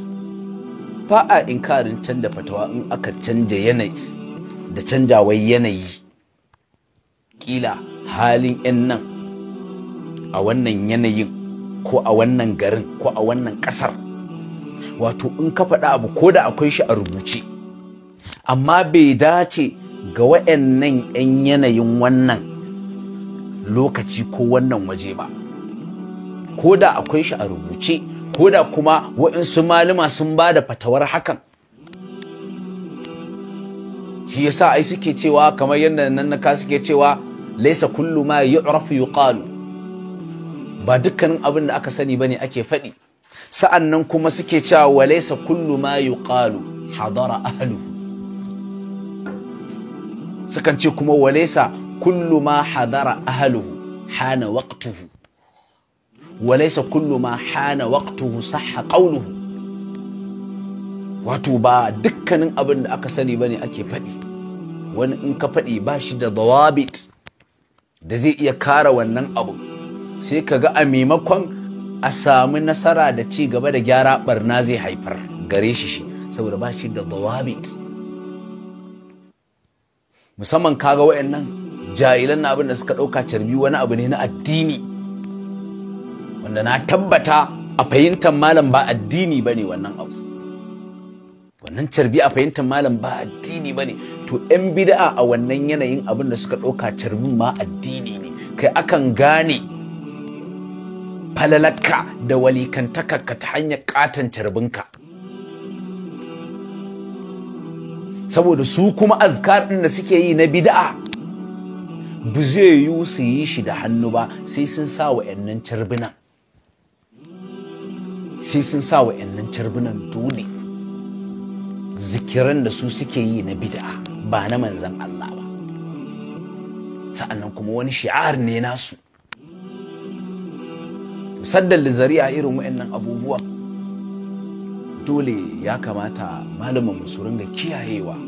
ba a inkarin canja in aka canja yanayi da canjawar yanayi kila halin yan nan a wannan yanayin ko a wannan garin ko a wannan kasar wato in ka faɗa abu ko da akwai shi a rubuce amma bai dace ga wa'annan 'yan yanayin wannan lokaci ko wannan waje ba ko da akwai shi a rubuce ko da kuma waɗansu malama sun ba da fatawar hakan shi yasa ai suke cewa kamar yadda nan naka suke cewa laisa kullu ma yu'rafu yuqalu ba dukkanin abin da aka sani ba ne ake faɗi sa'an nan kuma suke cewa wa laisa kullu ma yuqalu hadara ahlu sukan ce kuma wa laisa كل ما حضر أهله hana وقته وليس كل ما hana وقته صح قوله wato ba dukkanin abin da aka sani ne ake faɗi wani in ka faɗi ba shi da dawabit da zai iya kara wannan abu sai ka ga a maimakon a sami nasara da ci gaba da gyara barna zai haifar gare shi shi saboda ba shi da dawabit musamman kaga wayannan jahilan na abin da suka ɗauka carbi wani abu ne na addini wanda na tabbata a fahimtar malam ba addini ba ne wannan abu wannan carbi a fahimtar malam ba addini ba ne to 'yan bida'a a wannan yanayin abin da suka ɗauka carbin ma addini ne kai akan gane falalakka da walikantakarka ta hanyar katon carbinka saboda su kuma azkar ɗin da suke yi na bida'a ba zai yiwu su yi shi da hannu ba sai sun sa wa yannan carbunan sai sun sa wa yannan dole zikiran da su suke yi na bid'a ba na manzan Allah ba sa'annan kuma wani shi'ar ne nasu saddan lizari'a irin wayannan abubuwan dole ya kamata malaman su ringa kiyayewa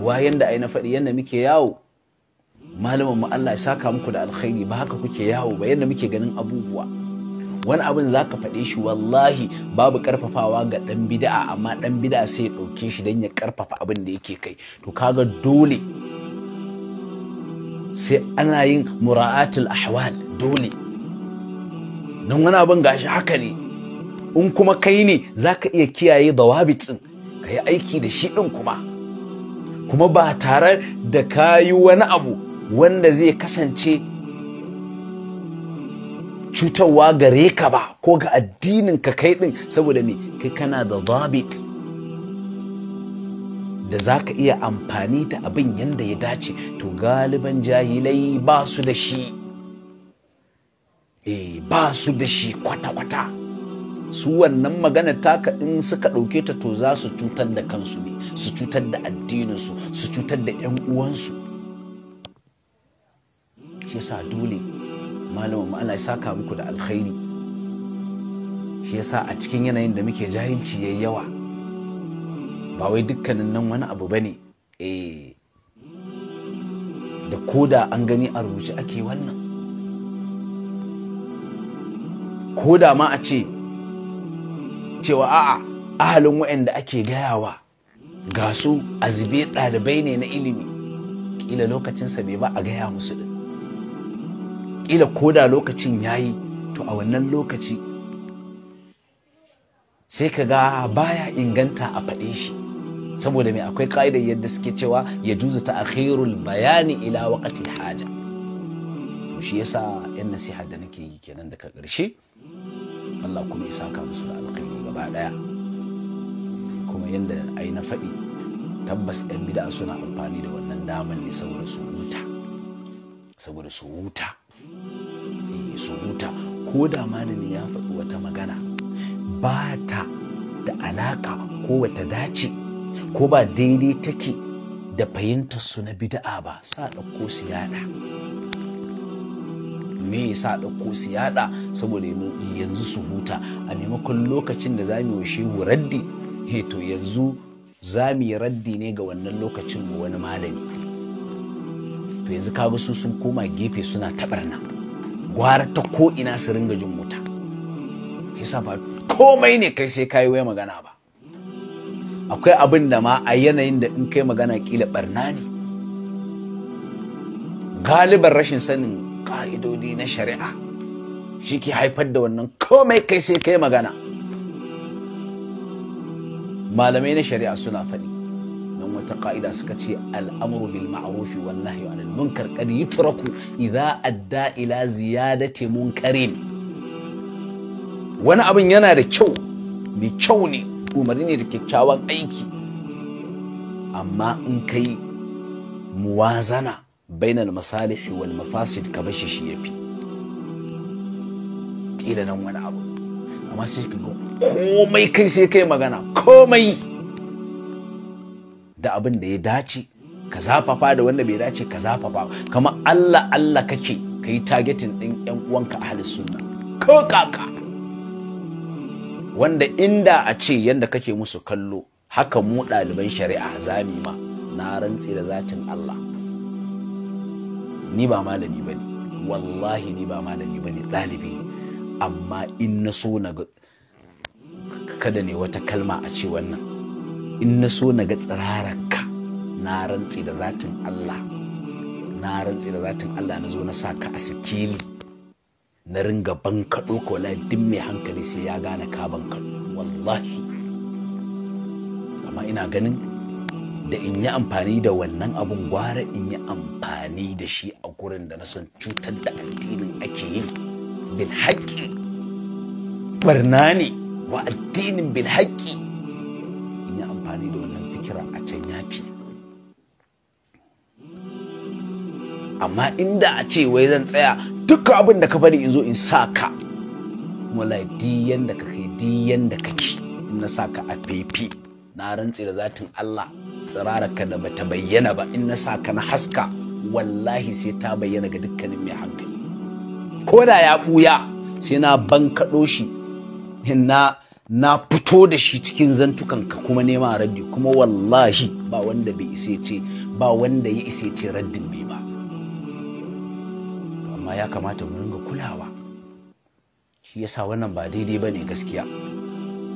wayan da ai na faɗi yanda muke yawo malamin mu Allah ya saka muku da alkhairi ba haka kuke yawo ba yadda muke ganin abubuwa wani abin za ka faɗe shi wallahi babu karfafawa ga ɗan bida'a amma ɗan bida'a sai ya ɗauke shi don ya karfafa abin da yake kai to kaga dole sai ana yin mura'atul ahwal dole nan wani abin gashi haka ne in kuma kai ne za ka iya kiyaye dawabitsin ka yi aiki da shi ɗin kuma kuma ba tare da ka yi wani abu wanda zai kasance cutarwa gare ka ba ko ga addinin ka kai din saboda me kai kana da zabit da za ka iya amfani ta abin yadda ya dace to galiban jahilai ba su da shi eh ba su da shi kwata-kwata su wannan magana taka in suka ɗauke ta to za su cutar da kansu ne su cutar da addininsu su cutar da 'yan uwansu shi yasa dole malamin Allah ya saka muku da alkhairi shi yasa a cikin yanayin da muke jahilci yayi yawa ba wai dukkanin nan wani abu bane eh da koda an gani a rubuce ake wannan koda ma a ce cewa a'a ahalin waɗanda ake gayawa ga su azube ɗalibai ne na ilimi kila lokacinsa bai ba a gaya musu ɗin kila koda lokacin yayi to a wannan lokaci sai ka ga baya inganta a faɗe shi saboda mai akwai ƙa'idar yadda suke cewa ya juzu ta akhirul bayani ila waƙatil haja to shi yasa yan nasiha da nake yi kenan daga ƙarshe Allah kuma ya saka musu da alkhairi gaba ɗaya kuma yadda ai na faɗi tabbas yan bida suna amfani da wannan damar ne saboda su huta saboda su huta su huta ko da malami ya faɗi wata magana ba ta da alaƙa ko wata dace ko ba daidai take da fahimtar su na bida'a ba sa ɗauko su yaɗa me sa ɗauko su yaɗa saboda yanzu su huta a maimakon lokacin da za mu yi shehu raddi to yanzu za mu yi raddi ne ga wannan lokacin mu wani malami to yanzu kaga su sun koma gefe suna taɓarna. gwara ta ko ina su ringa jin wuta yasa ba komai ne kai sai kayi wai magana ba akwai abin da ma a yanayin da in kai magana kila barna ne galiban rashin sanin ka'idodi na shari'a shi ke haifar da wannan komai kai sai kai magana malamai na shari'a suna faɗi wata ka'ida suka ce al'amru bil ma'rufi wan nahyu anil munkar qad yutraku idza adda ila ziyadati munkarin wani abin yana da kyau mai kyau ne umarni ne da kyakkyawan aiki amma in kai muwazana al masalih wal mafasid ka bashi shi yafi kila nan wani abu amma sai ka komai kai sai kai magana komai da abin da ya dace ka zafafa da wanda bai dace ka zafafa kamar Allah Allah kake ka yi targetin ɗin 'yan uwanka a halin suna ko kaka wanda inda a ce yadda kake musu kallo haka mu ɗaliban shari'a zami ma na rantse da zatin Allah ni ba malami ba ne, wallahi ni ba malami ba bane ɗalibi amma in na so na kada ne wata kalma a ce wannan in na so na ga tsirararka na rantsi da zatin Allah na rantsi da zatin Allah na zo na sa ka a sikeli na ringa ban kaɗo ko duk mai hankali sai ya gane ka ban wallahi amma ina ganin da in yi amfani da wannan abun gwara in yi amfani da shi a gurin da na son cutar da addinin ake yi bin haƙƙi barna ne wa addinin bin haƙƙi amfani da wannan fikira a can yafi amma inda a ce wai zan tsaya dukkan abin da ka bari in zo in sa ka wallahi di yanda ka kai di yanda in na sa ka a fefi na rantse da zatin Allah ka da bata bayyana ba in na sa ka na haska wallahi sai ta bayyana ga dukkanin mai hankali ko da ya buya sai na bankaɗo shi na na fito da shi cikin zantukan ka kuma nema raddi kuma wallahi ba wanda bai ise ce ba wanda ya ise ce raddin bai ba amma ya kamata mu ringa kulawa shi yasa wannan ba daidai ba ne gaskiya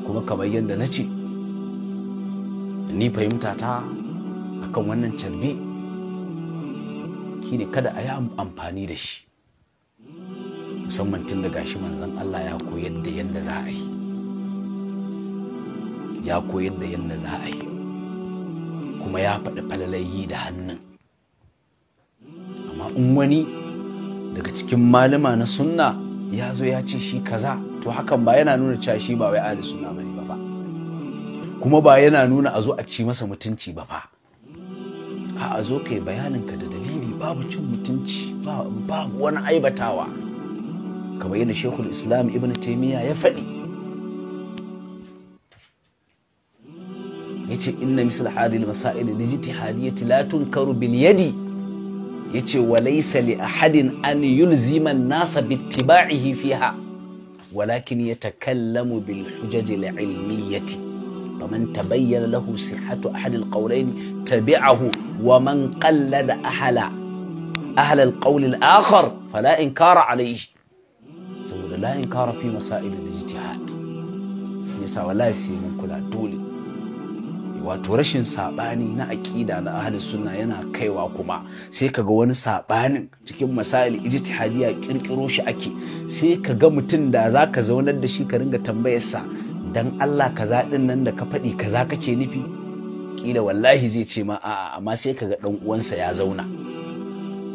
kuma kamar yadda na ce ni fahimta ta akan wannan carbi shine kada a yi amfani da shi musamman tun da gashi manzon Allah ya koyar da yadda za a yi ya koyar da yadda za a yi kuma ya faɗi yi da hannun amma in wani daga cikin malama na sunna ya zo ya ce shi kaza to hakan ba yana nuna cewa shi ba wai ahli sunna ne ba fa kuma ba yana nuna a zo a ci masa mutunci ba fa a zo kai bayaninka da dalili babu cin mutunci babu wani aibatawa kamar yadda shekul islam ibn taimiyya ya faɗi yace إن مثل هذه المسائل lijtihadiyyah la tunkaru bil yadi yace walaysa li ahadin an yulzima an-nasa ولكن يتكلم بالحجج العلميه فمن تبين له صحه احد القولين تبعه ومن قلد اهل اهل القول الاخر فلا انكار عليه سمو لا انكار في مسائل الاجتهاد يسا والله سي من كلا دولي wato rashin saɓani na aƙida na ahli sunna yana kaiwa kuma sai ka ga wani saɓanin cikin masail ijtihadiyya kirkiro shi ake sai ka ga mutum da za ka zaunar da shi ka ringa tambayarsa dan Allah kaza din nan da ka faɗi kaza kake nufi Ƙila wallahi zai ce ma a'a amma sai kaga ga ɗan uwansa ya zauna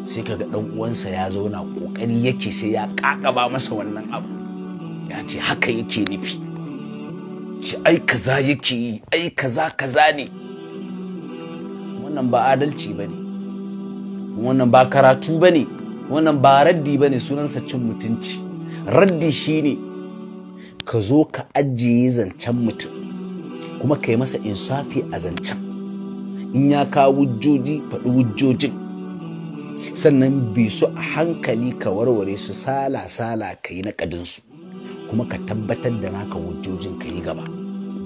sai ka ga ɗan uwansa ya zauna ƙoƙari yake sai ya ƙaƙaba masa wannan abu ya ce haka yake nufi ce ai kaza yake yi ai kaza kaza ne wannan ba adalci ba ne wannan ba karatu ba ne wannan ba raddi ba ne sunansa cin mutunci raddi shine ka zo ka ajiye zancen mutum kuma ka yi masa insafi a zancen in ya ka wujjoji faɗi wujjojin sannan bi su a hankali ka warware su sala-sala ka yi na ƙadinsu kuma ka tabbatar da naka wujjojin ka yi gaba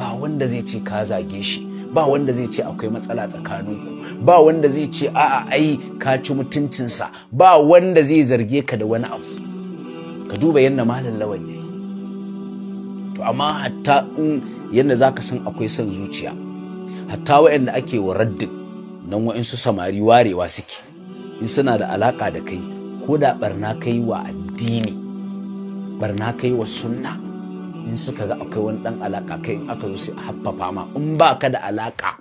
ba wanda zai ce ka zage shi ba wanda zai ce akwai matsala tsakaninku ba wanda zai ce a'a ai ka ci mutuncinsa ba wanda zai zarge ka da wani abu ka duba yadda malam lawan yayi to amma hatta in yadda za ka san akwai son zuciya hatta wa'anda ake wa raddin nan wa'insu samari warewa suke in suna da alaka da kai ko da barna kai wa addini barna kai wa sunna in suka ga akwai wani dan alaka kai in aka zo sai a haffafa ma in ba ka da alaka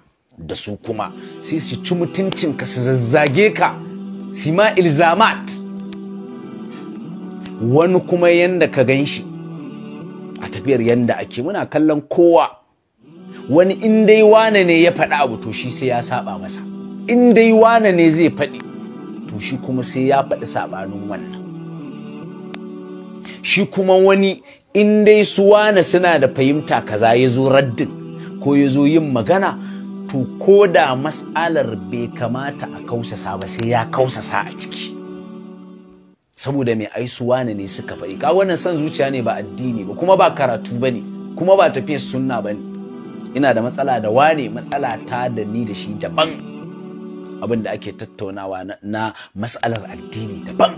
da su kuma sai su ci mutuncin ka su zazzage ka su ma ilzamat wani kuma yanda ka gan shi a tafiyar yanda ake muna kallon kowa wani in dai wane ne ya faɗi abu to shi sai ya saba masa in dai wane ne zai faɗi to shi kuma sai ya faɗi sabanin wannan shi kuma wani in dai su wane suna da fahimta kaza ya zo raddin ko ya zo yin magana to ko da mas'alar bai kamata a kausasa ba sai ya kausasa a ciki saboda mai ai su wane ne suka faɗi ka wannan son zuciya ne ba addini ba kuma ba karatu ba ne kuma ba tafiyar sunna ba ne ina da matsala da wane matsala ta da ni da shi daban abin da ake tattaunawa na mas'alar addini daban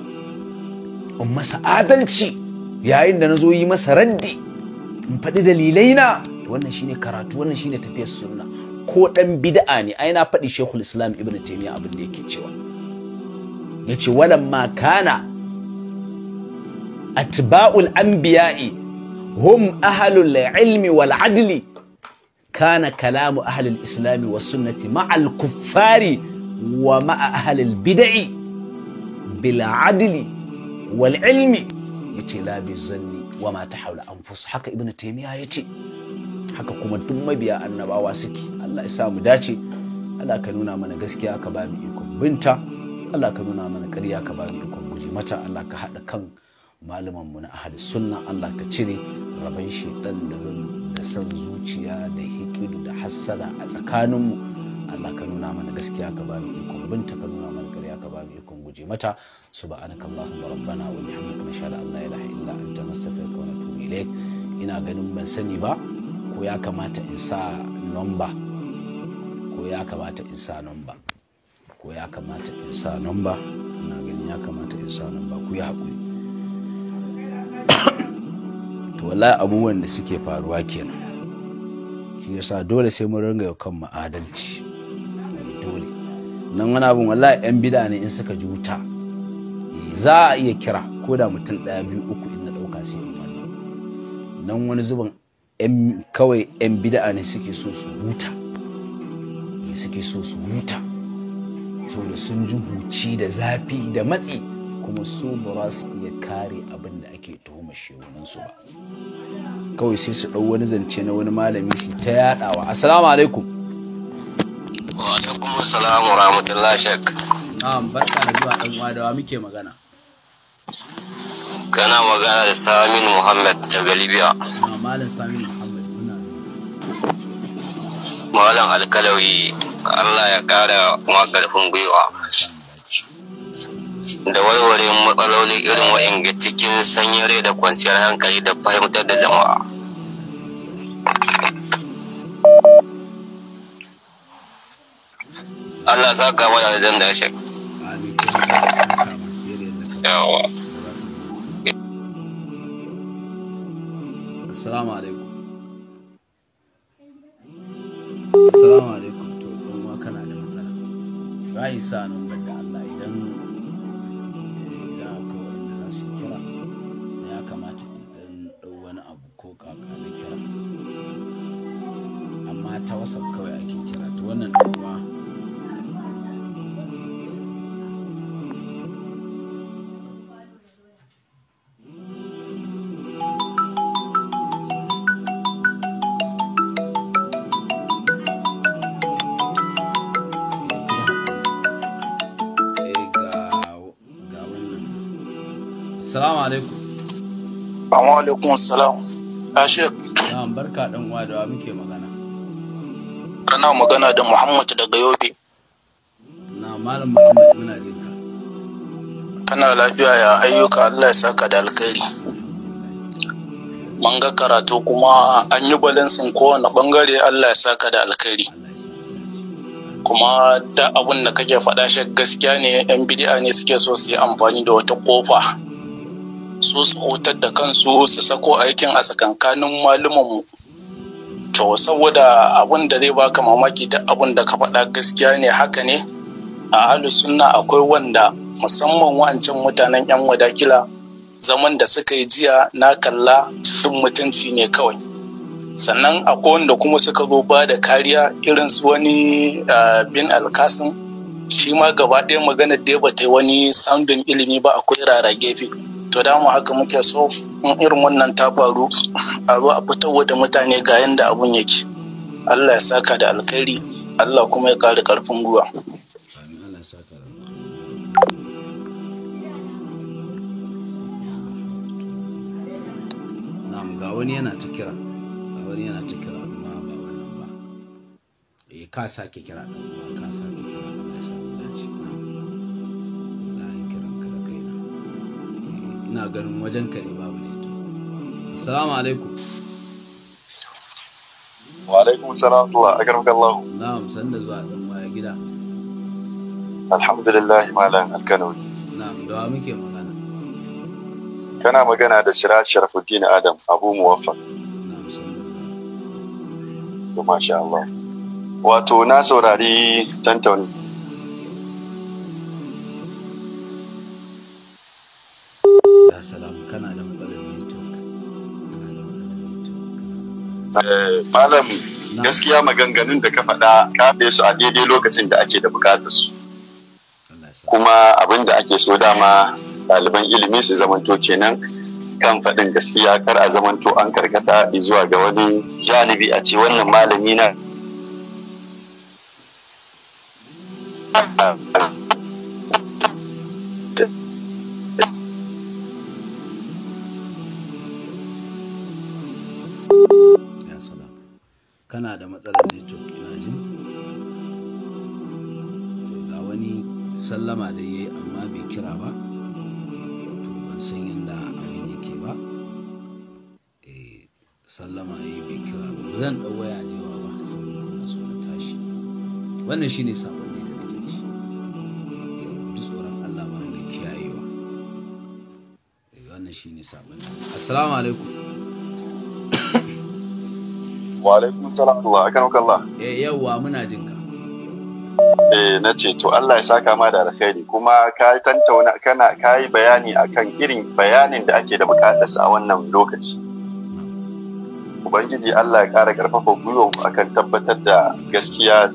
in masa adalci yayin da na zo yi masa raddi in faɗi dalilai na wannan shine karatu wannan shine tafiyar sunna ko ɗan bid'a ne ai na faɗi shekul islam ibn taimiya abin da yake cewa ya ce walan ma kana atba'ul anbiya'i hum ahlul ilmi wal adli kana kalamu ahlul islami wa sunnati ma'al kuffari wa ma'a ahlul bid'i bil adli wal ilmi yace la bi zanni wa ma an anfus haka ibn ya ce haka kuma duk mabiya annabawa suke Allah ya sa mu dace Allah ka nuna mana gaskiya ka ba mu ikon binta Allah ka nuna mana ƙarya ka ba mu ikon guje mata Allah ka haɗa kan malaman mu na ahli sunna Allah ka cire raban shedan da zan da san zuciya da hikidu da hassada a tsakaninmu Allah ka nuna mana gaskiya ka ba mu ikon binta ka nuna guje mata subhanaka allahumma rabbana wa bihamdika nashhadu an la ilaha illa anta nastaghfiruka wa natubu ilaik ina ganin ban sani ba ko ya kamata in sa number ko ya kamata in sa number ko ya kamata in sa number ina ganin ya kamata in sa number ku ya haƙuri to wallahi abubuwan da suke faruwa kenan shi yasa dole sai mu ringa yau kan adalci dole nan wani abun wallahi yan bida ne in suka ji wuta za a iya kira ko da mutum ɗaya biyu uku in na ɗauka sai in wani nan wani zuban kawai yan bida ne suke so su huta ne suke so su huta saboda sun ji huci da zafi da matsi kuma su ba za su iya kare abin da ake tuhuma su ba kawai sai su ɗau wani zance na wani malami su ta yaɗawa assalamu alaikum Wa alaikum assalam wa rahmatullahi shak. Na'am barka da zuwa dan uwa da muke magana. Kana magana da Samin Muhammad daga Libya. Malam Samin Muhammad muna. Malam Alkalawi Allah ya ƙara kuma karfin gwiwa. Da warware matsaloli irin wa'in cikin sanyin rai da kwanciyar hankali da fahimtar da jama'a. Allah za ka gaba da da shi yawa assalamu alaikum assalamu alaikum to wa kana da matsala sai sa nan alaikum salam. Ashek. Na'am barka dan uwa da muke magana. Kana magana da Muhammad daga Yobe. Na malam Muhammad muna jin ka. Kana lafiya ya ayyuka Allah ya saka da alkhairi. Mun ga karatu kuma an yi balansin kowane bangare Allah ya saka da alkhairi. kuma da abun da kake faɗa shi gaskiya ne yan bidi'a ne suke so su yi amfani da wata kofa su su hutar da kansu su sako aikin a tsakankanin malumanmu to saboda abin da zai baka mamaki da abin da ka faɗa gaskiya ne haka ne a halu sunna akwai wanda musamman wancan mutanen yan wadakila zaman da suka yi jiya na kalla cikin mutunci ne kawai sannan akwai wanda kuma suka zo ba da kariya irin su wani bin alkasin shi ma gaba ɗaya magana da ya bata wani soundin ilimi ba akwai rara gefe to da mu haka muke so in irin wannan ta faru a zo a fitarwa da mutane ga yanda abun yake Allah ya saka da alkhairi Allah kuma ya kare karfin gwiwa ga wani yana ta kira wani yana ta kira amma ba wannan ba eh, ka sake kira ɗan ka sake kira ina ganin wajen ka ne babu ne assalamu alaikum wa alaikum salam Allah agarmaka Allah na'am san da zuwa dan waya gida alhamdulillah malam alkanawi na'am da muke magana kana magana da Sira Sharafuddin Adam Abu Muwaffaq to masha Allah wato na saurari tantauni Eh, malam gaskiya maganganun da ka faɗa ka su a daidai lokacin da ake da bukatar su kuma abin da ake so dama ɗaliban ilimi su zamanto kenan kan faɗin gaskiya kar a zamanto an karkata zuwa ga wani janibi a ce wannan malami na Yana da matsalar network ina jin ga wani sallama da yayi amma bai kira ba to ban san yadda abin yake ba eh sallama yayi bai kira ba zan dau waya ne ba ba saboda ina so na tashi wannan shine sabon ne da nake shi duk tsoron Allah ba ne kiyayewa eh, wannan shine sabon assalamu alaikum Wa alaikum salam Allah, akan Allah. Eh yawwa muna jin ka. Eh na ce to Allah ya saka ma da alkhairi kuma ka tantauna kana ka yi bayani akan irin bayanin da ake da bukatarsa a wannan lokaci. Ubangiji Allah ya ƙara ƙarfafa gwiwa akan tabbatar da gaskiya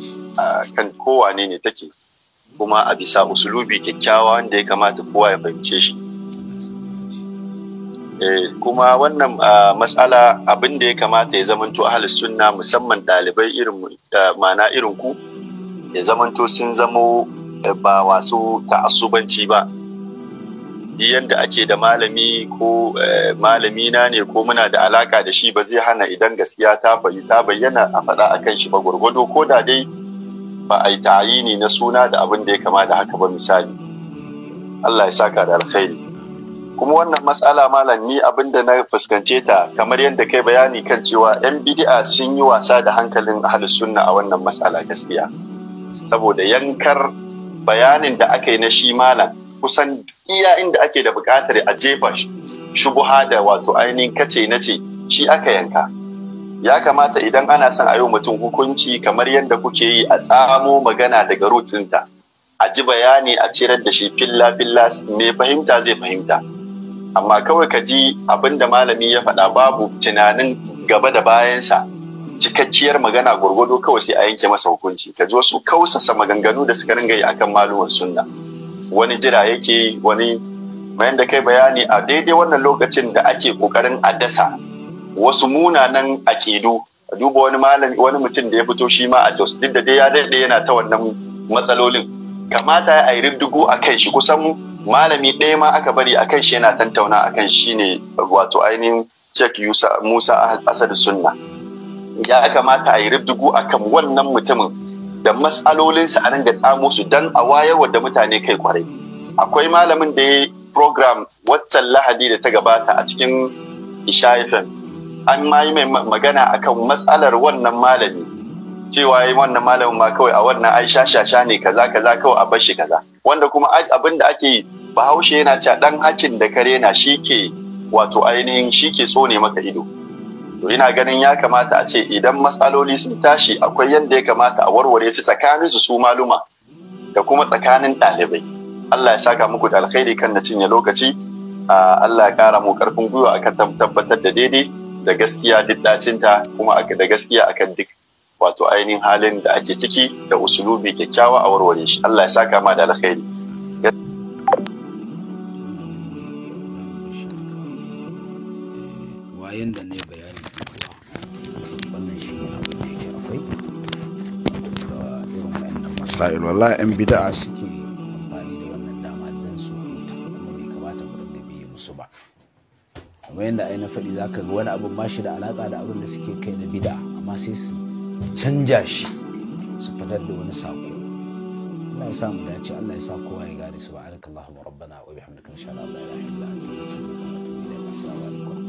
kan kowane ne take kuma a bisa usulubi kyakkyawa wanda ya kamata kowa ya fahimce shi. Eh, kuma wannan matsala abin da ya kamata ya zamanto ahalus sunna musamman ɗalibai irin mana irin ku ya zamanto sun zamo eh, ba wasu ta'assubanci ba duk yadda ake da malami ko eh, malami na ne ko muna da alaka da shi ba zai hana idan gaskiya ta bayyana a faɗa akan shi ba gwargwado ko da dai ba a yi ne na suna da abin da ya kama da haka ba misali Allah ya saka da alkhairi kuma wannan matsala malam ni abin da na fuskance ta kamar yadda kai bayani kan cewa yan bidi'a sun yi wasa da hankalin ahlus sunna a wannan matsala gaskiya saboda yankar bayanin da aka yi na shi malam kusan iya inda ake da buƙatar a jefa shubuha da wato ainihin kace na ce shi aka yanka ya kamata idan ana son a yi mutum hukunci kamar yadda kuke yi a tsamo magana daga rutinta a ji bayani a cirar da shi filla filla mai fahimta zai fahimta amma kawai ka ji abin da malami ya faɗa babu tunanin gaba da bayansa cikakkiyar magana gwargwado kawai sai a yanke masa hukunci ka ji wasu kausasa maganganu da suka ringa yi akan malumin sunna wani jira yake wani bayan da kai bayani a daidai wannan lokacin da ake kokarin a dasa wasu munanan aƙidu duba wani malami wani mutum da ya fito shi ma a Jos duk da dai ya daɗe yana ta wannan matsalolin kamata a yi riddugu a kan shi kusan malami ɗaya ma aka bari a kan shi yana tantauna a kan shi ne wato ainihin Sheikh Musa Asad Sunna ya kamata a yi riddugu a kan wannan mutumin da matsalolinsa a nan da tsamo su don a wayarwa da mutane kai kwarai akwai malamin da ya program waccan lahadi da ta gabata a cikin isha an ma yi mai magana akan matsalar wannan malami cewa yi wannan malamin ma kawai a wannan ai shashasha ne kaza kaza kawai a bashi kaza wanda kuma abin da ake yi bahaushe yana cewa dan hakin da kare na shi ke wato ainihin shi ke ne maka ido to ina ganin ya kamata a ce idan matsaloli sun tashi akwai yadda ya kamata a warware su tsakanin su su maluma da kuma tsakanin ɗalibai Allah ya saka muku da alkhairi kan na cinye lokaci Allah ya kara mu karfin gwiwa akan tabbatar da daidai da gaskiya duk dacinta kuma da gaskiya akan duk wato ainihin halin da ake ciki da usulubi kyakkyawa a warware shi Allah ya saka ma da alkhairi eh, wayan da ne bayani wannan bid'a suke amfani da wannan musu ba kamar yadda ai na faɗi zaka ga wani abin ba shi da alaka da abin da suke kai na bid'a amma sai su canja shi su fitar da wani sako Allah ya sa mu dace Allah ya sa kowa ya gane subhanakallahumma rabbana wa bihamdika inshallah la ilaha illa anta astaghfiruka wa atubu ilaik assalamu alaikum